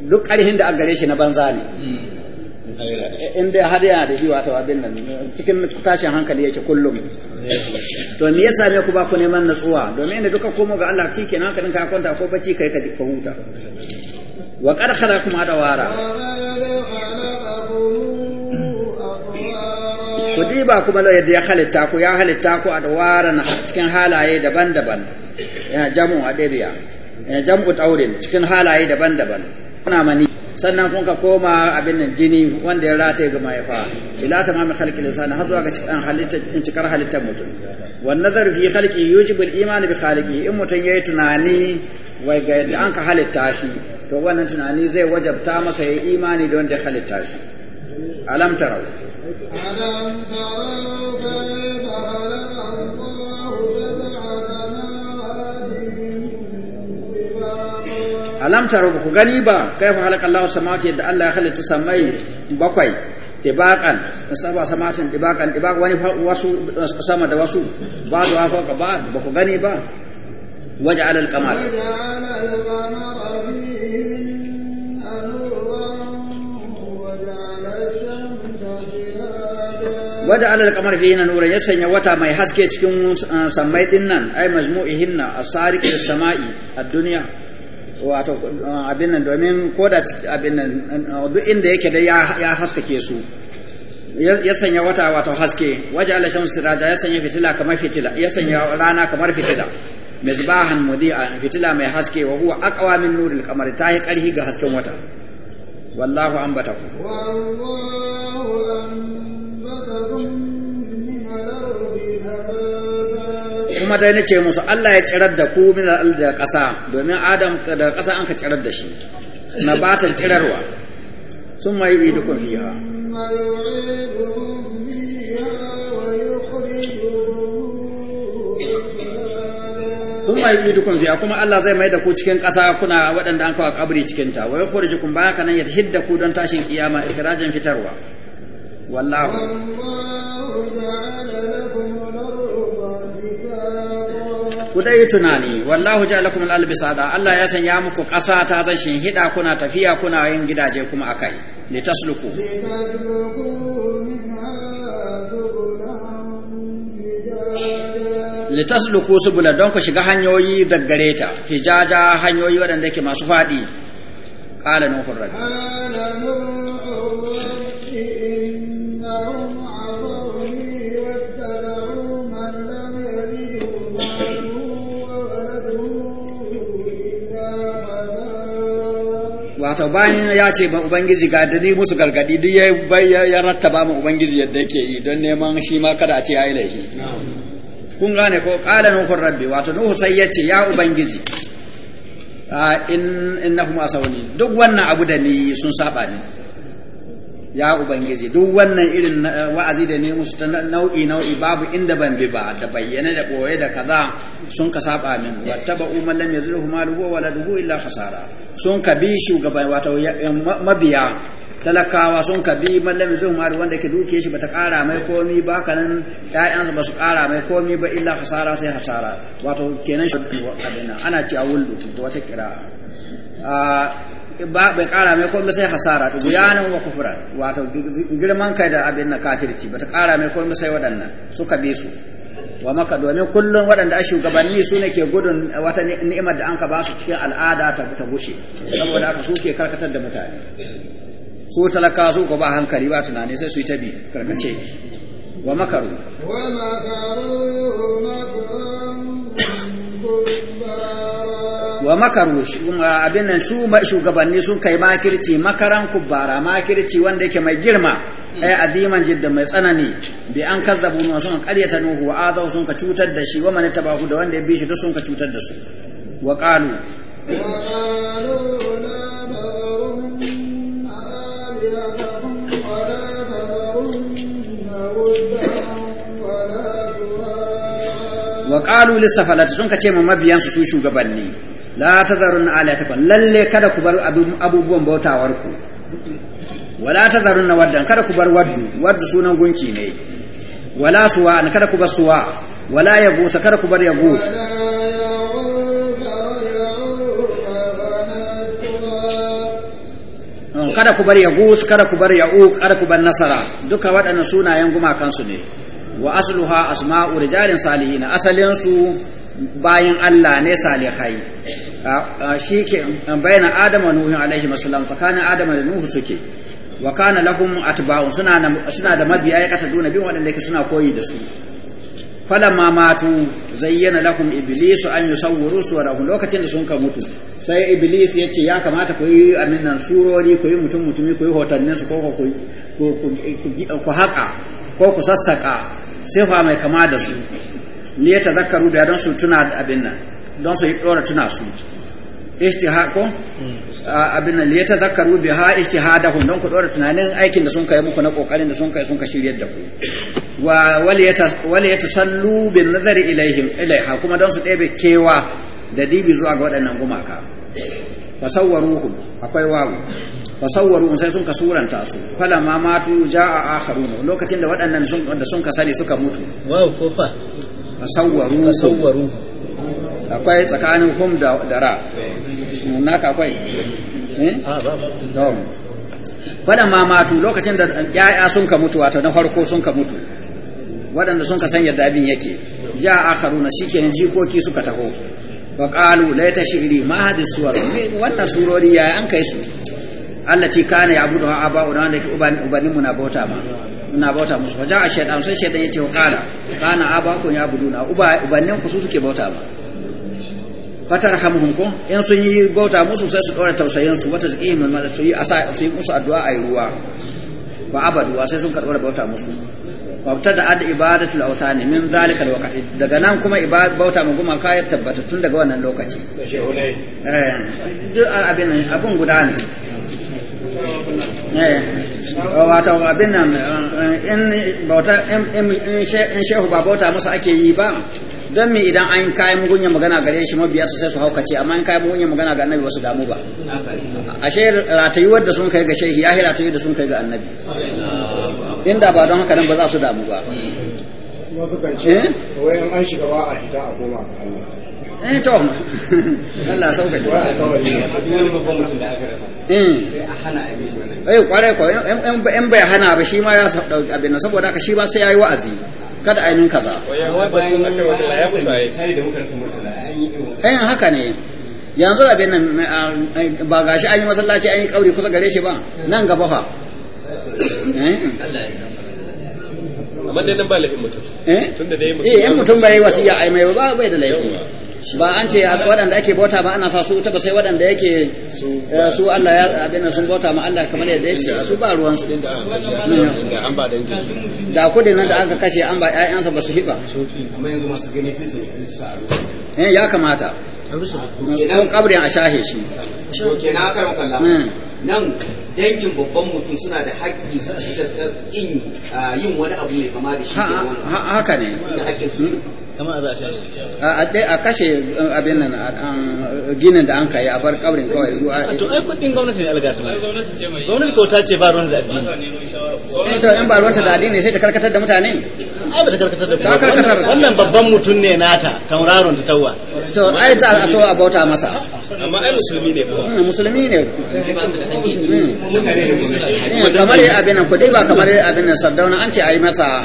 duk ƙarhin da a gare shi na banza ne Eh, in dai har yana da shi wato abin nan cikin tashin hankali yake kullum to me yasa me ku ba ku neman natsuwa domin inda duka komo ga Allah cikin hankalin ka kwanta ko bacci kai ka ka huta wa qad khalaqakum adawara ku ba kuma yadda ya halitta ku ya halitta ku na cikin halaye daban-daban ya jamu adabiya ya jamu taurin cikin halaye daban-daban kuna mani sannan kun ka koma abin nan jini wanda ya rataye ga mahaifa ila tamamin khalqil insani har zuwa ga cikin halittar cikar halittar mutum wan nazar fi khalqi yujibu al iman bi khaliqi in mutum yayi tunani wai ga yadda an ka halitta shi to wannan tunani zai wajabta masa yayi imani da wanda halitta shi alam tarau alam tarau kayfa khalaqa Allahu alam taro ku gani ba kai fa halaka Allah samawati da Allah ya halitta samai bakwai tibaqan saba samatin tibaqan tibaq wani wasu sama da wasu ba da wasu ka ba ba ku gani ba waj'al al-qamar waj'al al-qamara wada alal kamar fi yana nura ya sanya wata mai haske cikin eh, sammai dinnan ai majmu'ihinna as-sariq lis-sama'i ad-dunya wato abin nan domin ko da abin nan duk inda yake da ya haskake su ya sanya wata wato haske waje ala shamsu siraja ya sanya fitila kamar fitila ya sanya rana kamar fitila misbahan mudi'a fitila mai haske wa huwa aqwa min nuril qamari ta yi karhi ga hasken wata wallahu ambatakum wallahu ambatakum kuma dai nace musu Allah ya tsirar da ku min da ƙasa domin Adam da ƙasa an ka tsirar da shi na batan tsirarwa sun mai yi dukkan fiya sun mai yi dukkan fiya kuma Allah zai mai da ku cikin ƙasa kuna waɗanda an kawo kabri cikin ta wai kun ba ka nan ya hidda ku don tashin kiyama ikirajin fitarwa wallahu ku dai tunani wallahu ja'alakum al-albisada Allah ya sanya muku ƙasa ta zashin hida kuna tafiya kuna yin gidaje kuma akai li tasluku li tasluku subula don ku shiga hanyoyi daggare ta hijaja hanyoyi waɗanda ke masu faɗi qala nuhur wato bayan ya ce ma ubangiji ga dani musu gargadi duk ya ya rattaba ma ubangiji yadda yake yi don neman shi ma kada a ce yi laifi kun gane ko qala nuhu rabbi wato nuhu sai ya ce ya ubangiji in innahum asawani duk wannan abu da ni sun saba ni ya ubangiji duk wannan irin eh, wa'azi da ne musu ta nau'i nau'i babu inda ban bi ba da bayyane da koye da kaza sun ka saba min wattaba umman lam yazruhu maluhu wa waladuhu illa khasara sun ka bi shugaban wato mabiya talakawa sun ka bi mallam zai umar wanda ke duke shi bata kara mai komi ba kanan ƴaƴansa ba su kara mai komi ba illa hasara sai hasara wato kenan shi abin ana ci a wuldu wata kira ah, bai kara mai komai sai hasara guyanan wa kufra wato girman kai da abin na kafirci bata kara mai komai sai waɗannan suka bi su wa maka domin kullum waɗanda a shugabanni su ke gudun wata ni'imar da an ka ba su cikin al'ada ta ta gushe saboda haka su ke karkatar da mutane su talaka su ko ba hankali ba tunani sai su yi ta bi karkace wa makaru wa makaru wa makaru abin nan su shugabanni sun kai makirci makaran kubbara makirci wanda yake mai girma ai aziman jidda mai tsanani bi an kazzabu ne sun karyata nuhu wa azaw sun ka cutar da shi wa man tabahu da wanda ya bi shi da sun ka cutar da su wa qalu wa qalu lisafalat sun kace ma mabiyan su shugabanni la tazarun alatakum lalle kada ku bar abubuwan bautawar ku wala tazarun waddan kada ku bar waddu waddu sunan gunki ne wala suwa kada ku bar suwa wala gusa kada ku bar gusa kada ku bar gusa kada ku bar ya'uq kada ku bar nasara duka waɗannan sunayen gumakansu ne wa asluha asma'u rijalin salihin asalin su bayin Allah ne salihai shi ke bayan adam wa nuhu alaihi wasallam tsakanin adam da nuhu suke wa kana lahum atba'u suna suna da mabiya ya kata duna bin waɗanda yake suna koyi da su falamma matu zayyana lahum iblis an yusawwiru suwarahum lokacin da sun ka mutu sai iblis ya ce ya kamata ku yi aminan surori ku yi mutum mutumi ku yi hotannin su ko ku haka ko ku sassaka fa mai kama da su ne ta zakaru da don su tuna abin nan don su yi ɗora tuna su ishtihako hmm. abin nan ta zakaru bi ha ishtihadahum don ku ɗora tunanin aikin da sun kai muku na kokarin da sun kai sun ka shiryar da ku wa wal yatasallu bin nazari ilaihim ilaiha kuma don su ɗebe kewa da dibi zuwa ga waɗannan gumaka fasawwaruhum akwai wawu fasawwaru sai sun ka suranta su fala ma matu jaa akharuna lokacin da waɗannan sun da sun ka sani suka mutu wow kofa fasawwaru fasawwaru akwai tsakanin hum da dara naka akwai eh a ah, ba fala ma matu lokacin da yaya sun ka mutu wato na farko sun ka mutu waɗanda sun ka san yadda abin yake ja akharuna shikenan jikoki suka taho wa qalu la shi'ri ma hadis suwar wannan surori ya an kai su allati kana ya'budu aba'una wanda ke ubani mu na bauta ma na bauta musu fa ja'a shaytan sai shaytan yace wa qala kana aba'ukum ya'buduna uba ubannin ku su suke bauta ma fatar hamhum ko in sun yi bauta musu sai su dora tausayin su wata zakihim min su yi asa su yi musu addu'a ai ruwa fa abadu sai sun karbar bauta musu tada ad al awsani min zalika al-waqti daga nan kuma bauta mu kuma ka tabbata tun daga wannan lokaci eh duk abin abun guda ne Eh, wato abin nan eh, in bauta in shehu ba bauta masa ake yi ba don mi idan an kayan mugunya magana gare shi mabiya su sai su haukace amma an kayan mugunya magana ga annabi wasu damu ba shi ratayuwar da sun kai ga shehi ya ratayuwar da sun kai ga annabi inda ba don haka nan ba za su damu ba wasu kan ce eh? wai an shiga a a koma eh Allah sauka hmm. shi eh eh ko in bai hana ba shi ma ya dauki abin nan saboda haka shi ba sai yayi wa'azi kada a min kaza eh haka ne yanzu abin nan eh, eh, ba gashi an yi masallaci an yi kauri kusa gare shi ba nan gaba fa eh. amma dai nan ba laifin mutum eh tunda dai mutum eh mutum bai wasiya ai mai ba bai da laifin. ba an ce waɗanda ake bauta ba ana sa su ta ba sai waɗanda yake su eh, Allah ya abin sun bauta ma Allah kamar yadda yake su ba ruwan su mm. da kudin nan da aka kashe an ba ƴaƴansa ba su hiba eh ya kamata kabrin a shahe shi mm. nan dangin babban mutum suna da haƙƙi su ci gaskar yin wani abu mai kama da shi haka ne da haƙƙin su hmm? a kashe eh, abin nan ginin da an yi a bar kabrin kawai ruwa to ai kudin gwamnati ne algata gwamnati kauta ce ba ruwan zabi ne eh, to in ba ruwan ta zabi ne sai ta karkatar da mutane ai ba ta karkatar da karkatar wannan babban mutum ne nata tauraron ta tawwa to ai ta so a bauta masa amma ai musulmi ne ko hmm, musulmi ne Eh, kamar abin nan kudai ba kamar abin nan sardauna an ce a yi masa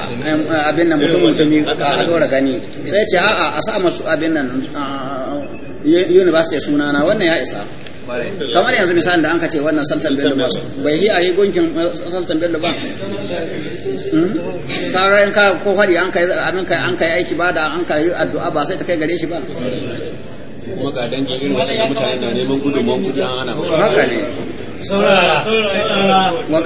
abin nan mutum mutumi a dora gani sai ce a'a a sa masu abin nan university sunana wannan ya isa kamar yanzu misalin da an ka ce wannan saltan bello ba bai yi a yi gunkin eh, saltan bello ba hmm? tarayen ka ko hari an kai abin kai an kai aiki ba da an kai addu'a ba sai ta kai gare shi ba kuma ga dangi irin wannan mutane da neman gudunmawar kudi hana ba haka ne saurara wa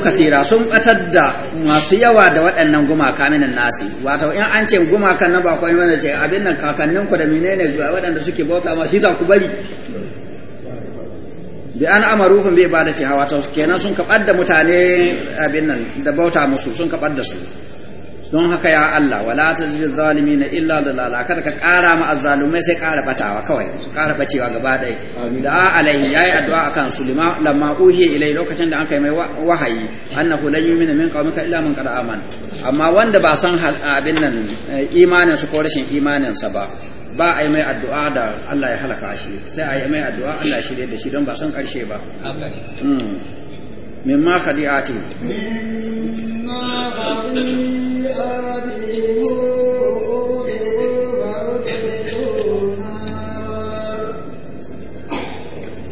kasira sun batar da masu yawa da waɗannan gumaka minan nasi wato in an ce gumakan na ba kawai wani ce abin nan kakannin ku da menene waɗanda suke bauta ma shi za ku bari bi an amaruhum bi ibadati hawa to kenan sun kabar da mutane abin nan da bauta musu sun kabar da su don haka ya Allah wala tazidu zalimin illa dalala kar ka kara ma azzalumai sai kara batawa kawai su kara bacewa gaba dai da alai yayi addu'a akan sulima lamma uhi ilai lokacin da an kai mai wahayi annahu lan yu'mina min qaumika illa man qad amana amma wanda ba san abin nan imanin su ko rashin imanin sa ba ba a yi mai addu'a da Allah ya halaka shi sai a yi mai addu'a Allah ya shirye da shi don ba san karshe ba hmm. min ma khadi'ati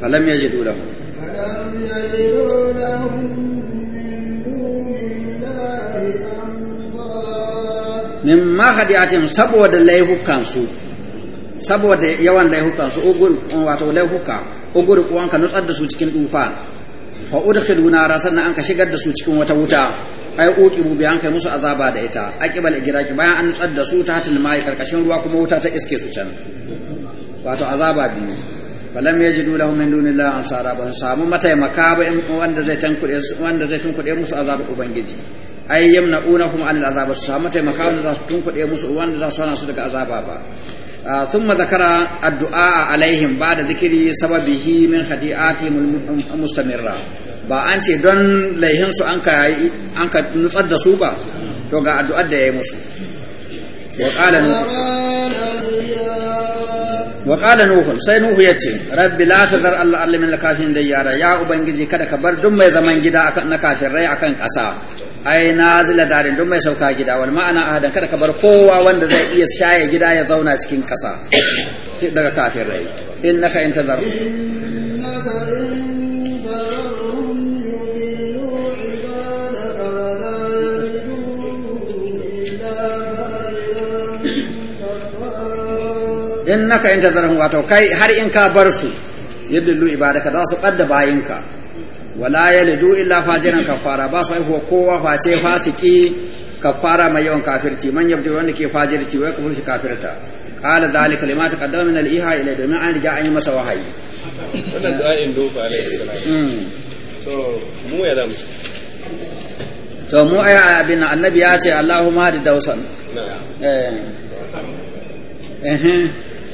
falam yajidu lahu falam min ma hadiyatin saboda laifukansu saboda yawan laihukan su ugur wato laihuka ugur kuwan ka nutsar da su cikin dufa fa udkhilu nara sannan an ka shigar da su cikin wata wuta ai uqibu bi an kai musu azaba da ita aqibal igraki bayan an nutsar da su ta hatin mai karkashin ruwa kuma wuta ta iske su can wato azaba biyu falam yajidu lahum min dunillahi ansara ba samu mataimaka ba in wanda zai tankude wanda zai tunkude musu azaba ubangiji ai yamna'unahum anil azaba su samu mataimaka wanda za su tunkude musu wanda za su hana su daga azaba ba ثم ذكر الدعاء عليهم بعد ذكر سببه من خديعاتهم المستمرة ba an ce don laihinsu an ka nutsar da su ba to ga addu'ar da ya yi musu wa ƙala nuhun sai nuhu ya ce rabbi la ta zar Allah alimin kafin da yara ya ubangiji kada ka bar duk mai zaman gida na kafirai akan ƙasa ai nazila darin don mai sauka gida Wani ma'ana a ahadan kada ka bar kowa wanda zai iya shaye gida ya zauna cikin kasa daga kafin rai ta intazar in naka in tazarhum wato kai har in ka bar su yadda yadullu ibadaka za su kadda bayinka wala yalidu illa fajiran kafara ba sai ko kowa face fasiki kafara mai yawan kafirci man yabdi wanda ke fajirci wai kuma shi kafirta qala dhalika lima taqaddama min al-iha ila domin an riga an yi masa wahayi wannan du'a'in fa alayhi salam to hmm. mu ya zamu to mu aya abin annabi ya ce Allahumma hadi dausan eh eh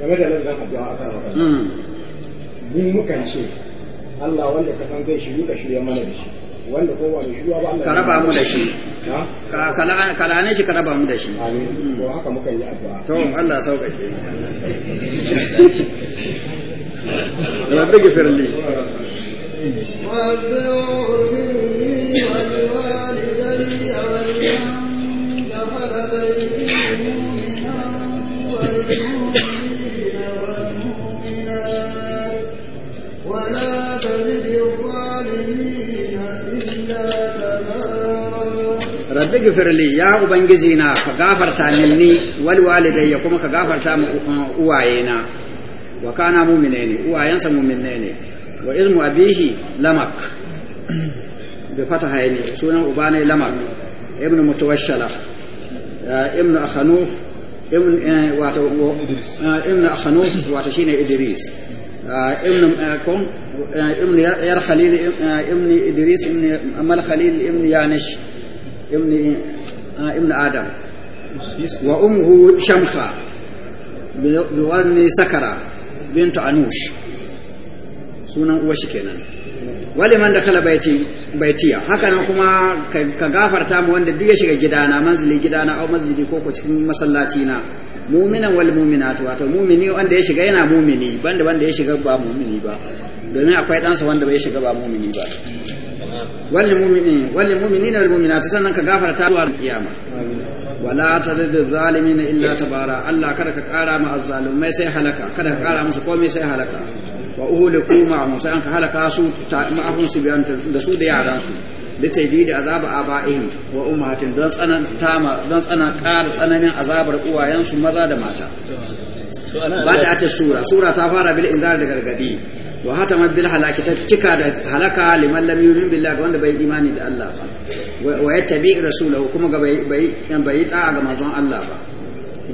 game da nan zan addu'a a kan hmm. mu mukan ce Allah wanda ka san zai ka shirya mana da shi wanda ko wani shiru ba Allah ka raba mu da shi ka shi ka raba mu da shi amin hmm. to haka mukan yi addu'a to Allah ya sauƙaƙe رب اغفر لي رب اغفر لي ولوالدي ولمن دخل مؤمنا rabbi gifirli ya ubangiji na ka gafarta minni wal walidayya kuma ka gafarta mu uwaye na wa kana mu'mine ne uwayensa mu'mine wa izmu abihi lamak bi fataha ne sunan uba ne lamak ibnu mutawashshala eh, ibnu akhanuf ibn eh, wato eh, ibnu akhanuf wato shine idris ابن ابن يار خليل ابن ادريس ابن امل خليل ابن يانش ابن ابن آدم وأمه شمخة بوزن سكرة بنت أنوش sunan uwashi kenan wali man da kala baitiya haka nan kuma ka gafarta mu wanda duk ya shiga gidana manzili gidana au manzili ko ko cikin masallaci na mu'minan wal mu'minatu wato mu'mini wanda ya shiga yana mu'mini banda wanda ya shiga ba mu'mini ba domin akwai dansa wanda bai shiga ba mu'mini ba والمؤمنين والمؤمنين والمؤمنات سنن كغفر تاوى القيامة ولا تزد الظالمين إلا تبارا الله كرك قارا مع الظالم ما يسيحلك كرك قارا مسقوم يسيحلك وأهلكوا معهم سأنك هلك سوء معهم سبيان دسوء ديارا سوء لتجديد عذاب آبائهم وأمهاتهم دون سنة تامة دون سنة قار سنة عذاب رقوة ينسوا مزاد ماتا بعد أتى السورة سورة تفارة بالإنذار لغرغدي wa hatama bil halaki ta cika da halaka liman lam yu'min billahi wanda bai imani da Allah ba wa yattabi rasulahu kuma ga bai bai bai ta'a ga manzon Allah ba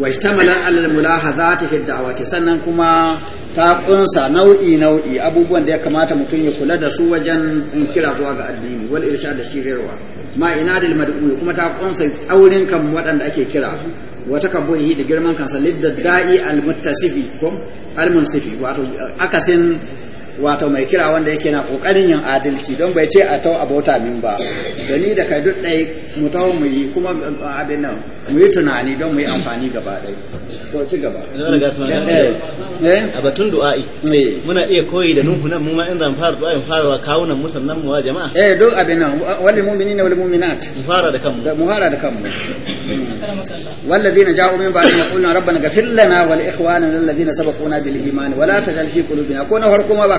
wa ihtamala al mulahazati fi da'wati sannan kuma ta kunsa nau'i nau'i abubuwan da ya kamata mutum ya kula da su wajen in kira zuwa ga addini wal irshad da shirirwa ma ina da mad'u kuma ta kunsa tsaurin kan waɗanda ake kira wa takabburihi da girman kansa lidda da'i al muttasifi ko al munsifi wato akasin wato mai kira wanda yake na kokarin yin adalci don bai ce a tau abota min ba da ni da kai duk dai mu tau mu yi kuma ah, abin nan mu yi tunani don mu yi amfani gaba dai ko ci gaba eh, eh. a batun du'a'i eh. muna iya koyi da nuhu nan mu ma in zan fara du'a'in wa kawo nan musannan mu wa jama'a eh duk abin nan wal mu'minina wal mu'minat mu fara da kanmu mu fara da kanmu والذين جاءوا من بعدهم يقولون ربنا اغفر لنا ولاخواننا الذين سبقونا بالايمان ولا ko na قلوبنا kuma ba.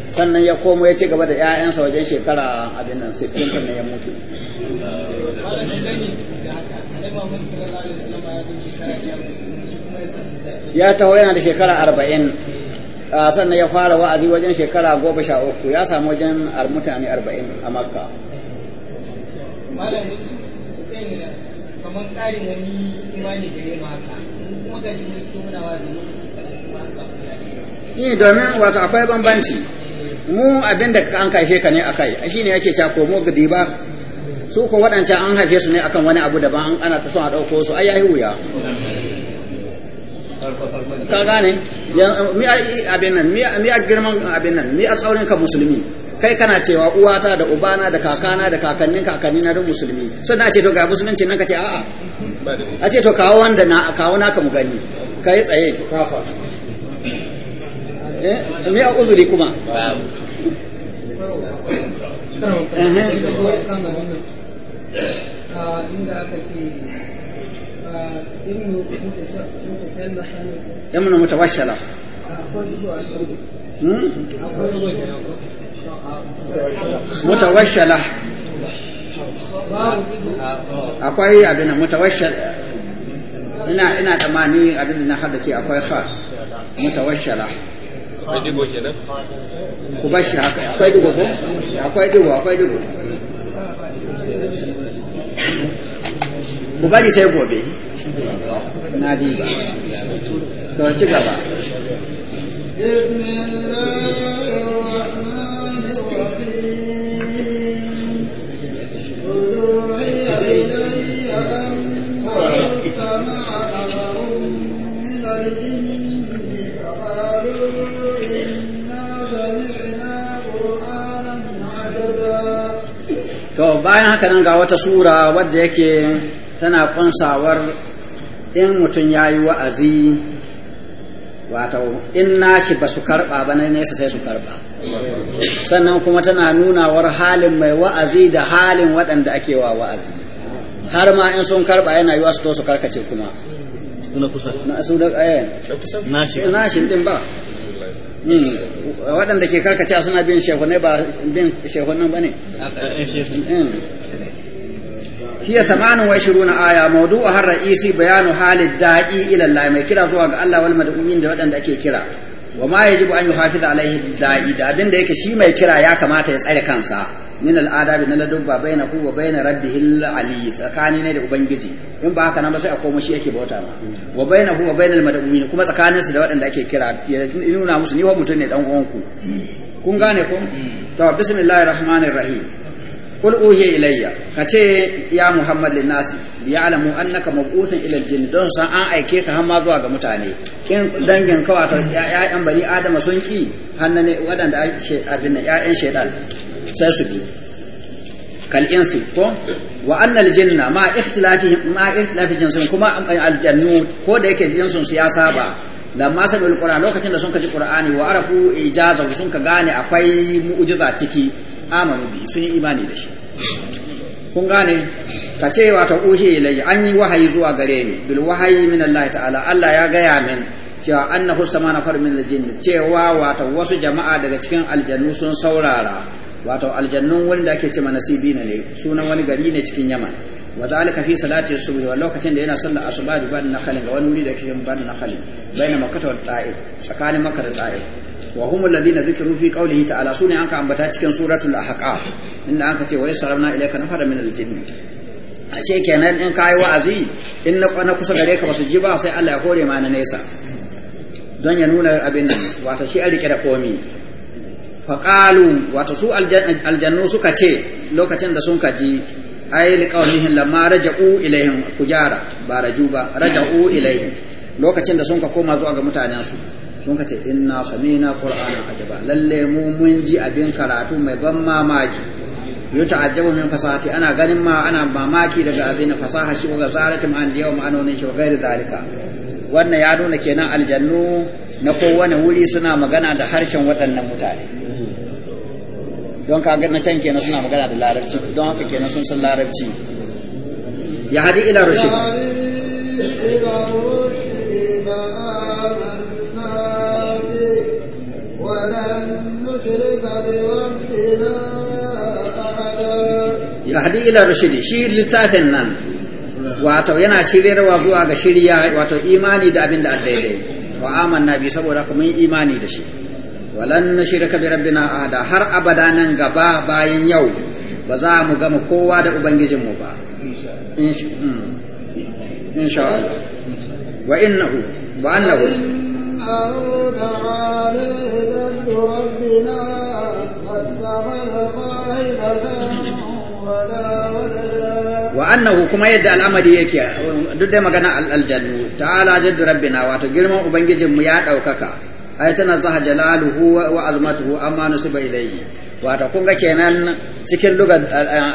sannan ya komo ya ci gaba da 'ya'yansa wajen shekara abin nan sittin sannan ya mutu ya taho yana da shekara arba'in sannan ya fara wa'azi wajen shekara goma sha uku ya samu wajen mutane arba'in a makka ni domin wato akwai bambanci mu abin da an haife ka ne akai shi ne ake cewa mu gudi ba su ko waɗancan an haife su ne akan wani abu daban ana ta son a ɗauko su ai yayi wuya ka gane mi abin nan mi a girman abin nan mi a tsaurin ka musulmi kai kana cewa uwata da ubana da kakana da kakannin na da musulmi sannan ce to ga musulunci nan ka ce a'a a ce to kawo wanda na kawo naka mu gani kai tsaye kafa Eh? mai a uzuri kuma يمن متوشلة متوشلة akwai abin da mutawashal ina ina tamani abin da na hada ce akwai fa mutawashala ku bar shi haka akwai ko akwai akwai ku bari sai gobe na diga to ci gaba bayan haka nan ga wata sura wadda yake tana kunsawar in mutum ya yi wa'azi wata in nashi ba su karɓa ba na nesa sai su karɓa sannan kuma tana nunawar halin mai wa'azi da halin waɗanda ake wa wa'azi har ma in sun karɓa yana yi wasu to su karkace kuma na kusa na eh. shi ɗin ba waɗanda ke karkace suna bin shehunai ba bin shehunan ba ne hmm. hiya samanin wa shiru na aya a har ra'isi bayanu halin da'i daƙi mai kira zuwa ga Allah wal mad'umin da waɗanda ake kira wa ma yajibu an yuhafiza alaihi da'i da abin da yake shi mai kira ya kamata ya tsare kansa min al'adabi na ladubba baina ku wa baina rabbihil ali tsakani ne da ubangiji in ba haka nan ba sai a koma shi yake bauta ma wa baina ku wa baina al kuma tsakaninsu su da waɗanda ake kira ya nuna musu ni wa mutum ne dan uwanku kun gane ko to bismillahir rahmanir rahim قل اوحي الي كته يا ya muhammad lin انك مبعوث الى الجن دون سان ان jinn don san an aike ka zuwa ga mutane kin dangin ka wato ƴaƴan bani adama sun ki hannane wadanda ake abin ƴaƴan shaytan sai su bi kal insu ko wa anna al-jinna ma ikhtilafihi ma ikhtilafi jinsin kuma al-jannu ko da yake jinsin su ya saba lamma sami al lokacin da sun kaji qur'ani wa arafu ijaza sun ka gane akwai mu'jiza ciki amanu bi sun yi imani da shi kun gane ka ce wa ta uhi ilayya an yi wahayi zuwa gare ni bil wahayi min Allah ta'ala Allah ya gaya min cewa annahu samana far min aljin cewa wato wasu jama'a daga cikin aljannu sun saurara wato aljannun wanda ake cewa nasibi ne sunan wani gari ne cikin Yaman wa zalika fi salati subhi wa lokacin da yana sallar asuba bi ban nakhalin ga wani wuri da cikin ban nakhalin baina makkah wa ta'if tsakanin makkah da ta'if wa hum alladhina dhikru fi qawlihi ta'ala sune an ambata cikin suratul ahqaf inda an ce wa yasarna ilayka nafara min al-jinn ashe kenan in kai wa'azi in na kwana kusa gare ka basu ji ba sai Allah ya kore ma na nesa don ya nuna abin nan wato shi an rike da komi faqalu wato su aljannu suka ce lokacin da sun kaji ai liqaulihim lamma raja'u ilaihim kujara ba raju ba raja'u ilaihim lokacin da sun ka koma zuwa ga su sun ka ce inna samina qur'ana ajaba lalle mu mun ji abin karatu mai ban mamaki yau ta'ajjabu min fasahati ana ganin ma ana mamaki daga azina fasaha shi ga zarati ma'an da yau ma'anonin shi wa gairi zalika wannan ya nuna kenan aljannu na kowane wuri suna magana da harshen waɗannan mutane don ka na can kenan suna magana da larabci don haka kenan sun san larabci ya hadi ila rushd ولن نشرك بربنا أحدا يهدي إلى wato yana shiryarwa zuwa ga shirya wato imani da abin da daidai wa amanna bi saboda kuma yi imani da shi walan nushrika bi rabbina ahada har abada nan gaba bayan yau ba za mu gama kowa da ubangijinmu ba insha Allah wa innahu wa annahu أو تعالى جد ربنا فاتخذ قاعدة ولا ولدا وأنه كما يدعى الأمر يكي duk dai magana aljannu ta'ala jaddu rabbina wato girman ubangijinmu ya ɗaukaka ai tana zaha jalaluhu wa azmatuhu amma nusiba ilayhi wato kun kenan cikin lugar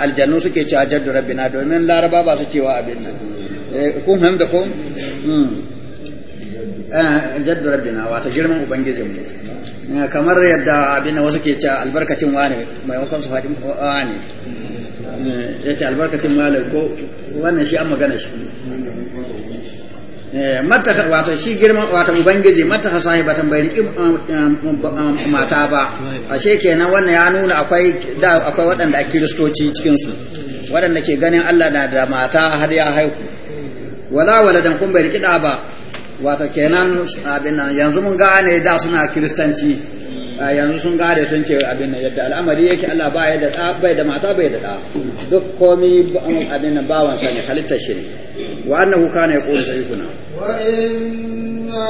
aljannu suke cewa jaddu rabbina domin laraba ba su cewa abin nan kun fahimta ko Eh, jaddu rabbina wato girman mu eh, kamar yadda abin wasu ke ce albarkacin wane maimakon su faɗi wane eh, ya ce albarkacin wane ko wannan shi an magana shi wato shi girman wato ubangiji mata ha sahibatan bai riki mata ba ashe kenan wannan ya nuna akwai da akwai waɗanda a kiristoci cikinsu. waɗanda ke ganin Allah na da mata har ya haihu wala waladan kun bai riki ɗa ba wato kenan abin nan yanzu mun gane da suna kiristanci yanzu sun gane sun ce abin nan yadda al'amari yake Allah ba ya da da bai da mata bai da da duk komi abin nan ba wansa ne halittar shi ne wa annahu kana yaqulu sayyiduna wa inna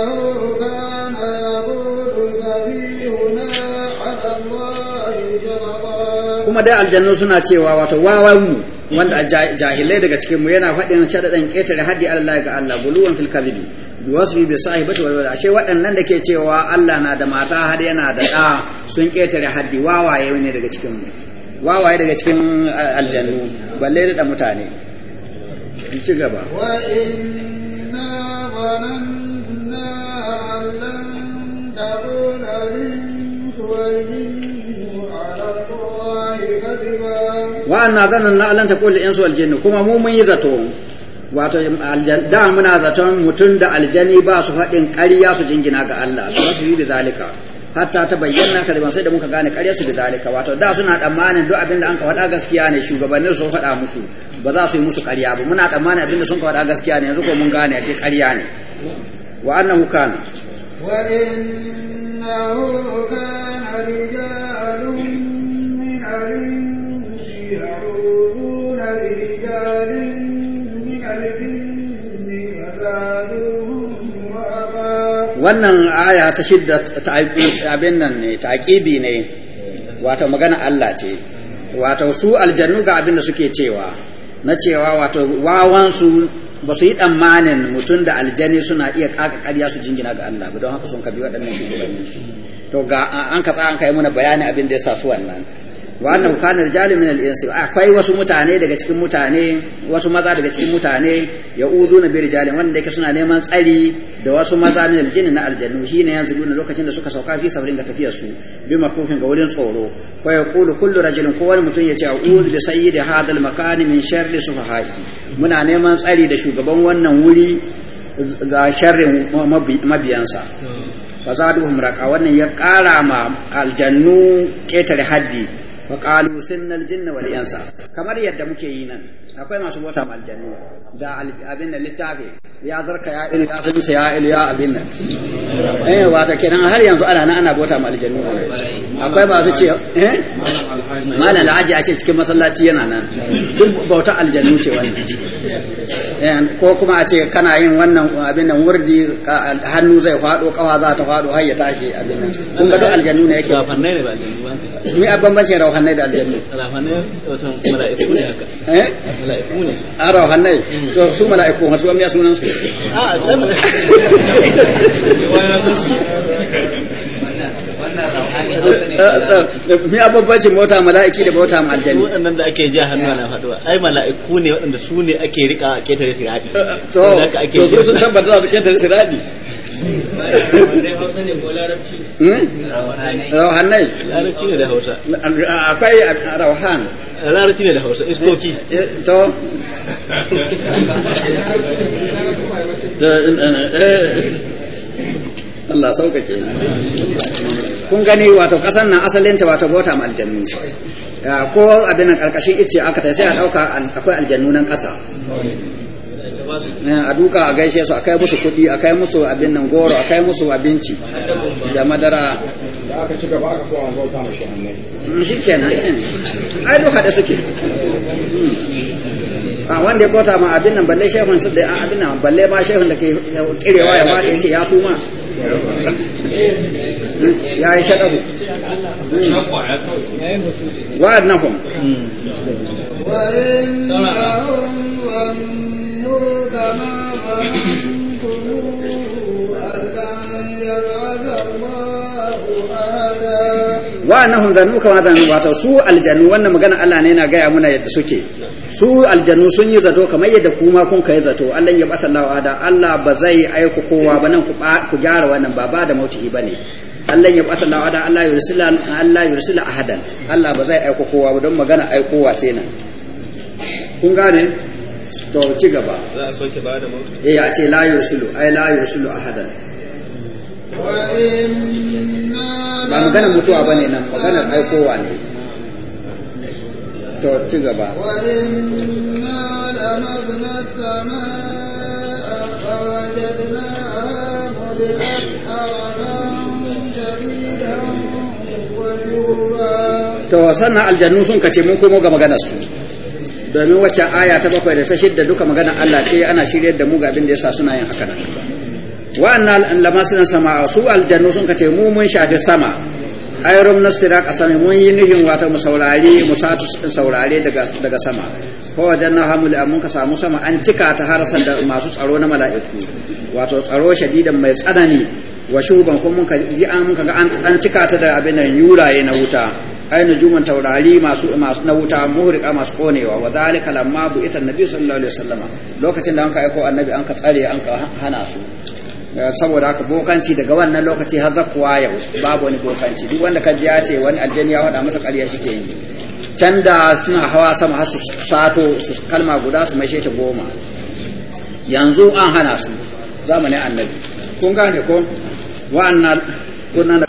kana yaqulu sayyiduna ala Allah kuma dai aljannu suna cewa wato wawan mu wanda jahilai daga cikin mu yana faɗin shaɗaɗan ƙetare haddi Allah ga Allah buluwan fil kadibi wasu bi sahibati wal walad ashe waɗannan da ke cewa Allah na da mata har yana da ɗa sun ƙetare haddi wawaye ne daga cikin mu wawaye daga cikin eh, aljannu balle da mutane in ci gaba wa inna bananna allan wa anna zananna allan insu wal jinnu kuma mu mun yi zato wato da muna zaton mutum da aljani ba su faɗin ƙarya su jingina ga Allah ba su yi da zalika hatta ta bayyana ka sai da muka gane ƙarya su da zalika wato da suna tsammanin duk abin da an ka faɗa gaskiya ne shugabannin sun faɗa musu ba za su yi musu ƙarya ba muna tsammanin abin da sun ka faɗa gaskiya ne yanzu ko mun gane shi ƙarya ne wa annahu kana wa innahu kana rijalun min arin yahrubuna bi rijalin wannan aya ta shidda abin nan ne taƙibi ne wato magana Allah ce wato su aljannu ga abin da suke cewa na cewa wato wawansu ba su yi tsammanin mutum da aljani suna iya ƙaƙa ƙarya su jingina ga Allah ba don haka sun kabi waɗannan shugabanni to ga an ka tsaya an kai mana bayani abin da ya sa su wannan wa annam kana rijalun min al-insi akwai wasu mutane daga cikin mutane wasu maza daga cikin mutane ya ya'uduna bi rijalin wanda yake suna neman tsari da wasu maza min al jinn na aljannu shine yanzu duna lokacin da suka sauka fi sabrin ga tafiyar su bi mafufin ga wurin tsoro ko ya kulu kullu rajulin ko wani mutum ya ce a'udhu bi sayyidi hadha makani min sharri sufahai muna neman tsari da shugaban wannan wuri ga sharrin mabiyansa fa zaduhum raqa wannan ya kara ma aljannu ketare haddi fa qalu sinnal jinna wal insa kamar yadda muke yi nan akwai masu mota ma aljanu da abin da littafi ya zarka ya ilu ya sabisa ya ilu ya abin nan eh ta kenan har yanzu ana nan ana bota ma aljanu akwai ba su ce eh malam alhaji a ce cikin masallaci yana nan duk bauta aljanu ce wannan eh, ko kuma a ce kana yin wannan abin nan wurdi hannu zai fado kawa za ta fado har ya tashi abin nan kun ga duk aljanu ne yake rafannai ne ba aljanu ba mai abban bace rafannai da aljanu rafannai wasan mala'iku ne haka eh mala'iku ne an rawa hannai hmm. to su mala'iku mi abubbacin mota mala'iki da mota maljani waɗannan da ake ji hannu na faɗuwa ai mala'iku ne waɗanda su ne ake rika a ketare siradi to su sun tabbata da ketare siradi hmm? rauhanai larabci ne da hausa akwai rauhan larabci ne da hausa iskoki eh, to eh, eh, Allah sauƙaƙe kun gani wato ƙasar nan asalinta wato bota ma aljannu ko abin nan ƙarƙashin ice aka ta sai a ɗauka akwai aljannu nan ƙasa a duka a gaishe su a kai musu kudi a kai musu abin nan goro a kai musu abinci da madara da aka ci gaba aka kowa ta mashi annabi shi mm, ke kenan ai duka da suke mm. a ah, wanda ya kota ma abin nan balle shehun su da ah, abin nan balle ma shehun da ke kirewa eh, ya fada ya ce ya su ma mm, ya yi wa'ad na kuma ظننتم wa'annahum zanu kama zanu wato su aljanu wannan magana Allah ne yana gaya muna yadda suke su aljanu sun yi zato kamar yadda kuma kun kai zato Allah ya bata Allah da Allah ba zai aiko kowa ba nan ku gyara wannan ba ba da mauti bane Allah ya bata Allah da Allah yursila Allah yursila ahadan Allah ba zai aiko kowa ba don magana aikowa ce nan kun gane to ci gaba za a soke ba da mutu eh a ce la yursulu ai la yursulu ahadan ba magana mutuwa bane nan magana aikowa ne to ci gaba wa inna wa to sannan aljannu sun kace mun komo ga maganar su domin waccan aya ta bakwai da ta shidda duka magana Allah ce ana shiryar da mu ga abin da yasa suna yin haka nan wa'annan lama suna sama su aljannu sun kace mu mun shafi sama ayrum nastira mun yi nihin wata mu saurare mu satu saurare daga daga sama ko wajen na hamul amun ka samu sama an cika ta harasan da masu tsaro na mala'iku wato tsaro shadidan mai tsanani wa shugan kuma mun ka ji an ka ga an cika ta da abin nan yuraye na wuta ai juman taurari masu masu na wuta muhrika masu konewa wa zalika lamma bu isa nabi sallallahu alaihi wasallam lokacin da an ka aiko annabi an ka tsare an ka hana su eh, saboda haka bokanci daga wannan lokaci har zakuwa yau babu wani bokanci duk wanda ka ji ya ce wani aljani ya faɗa masa ƙarya shi ke yi can da suna hawa sama har su sato su kalma guda su mai ta goma yanzu an hana su zamanin annabi kun gane ko wa'annan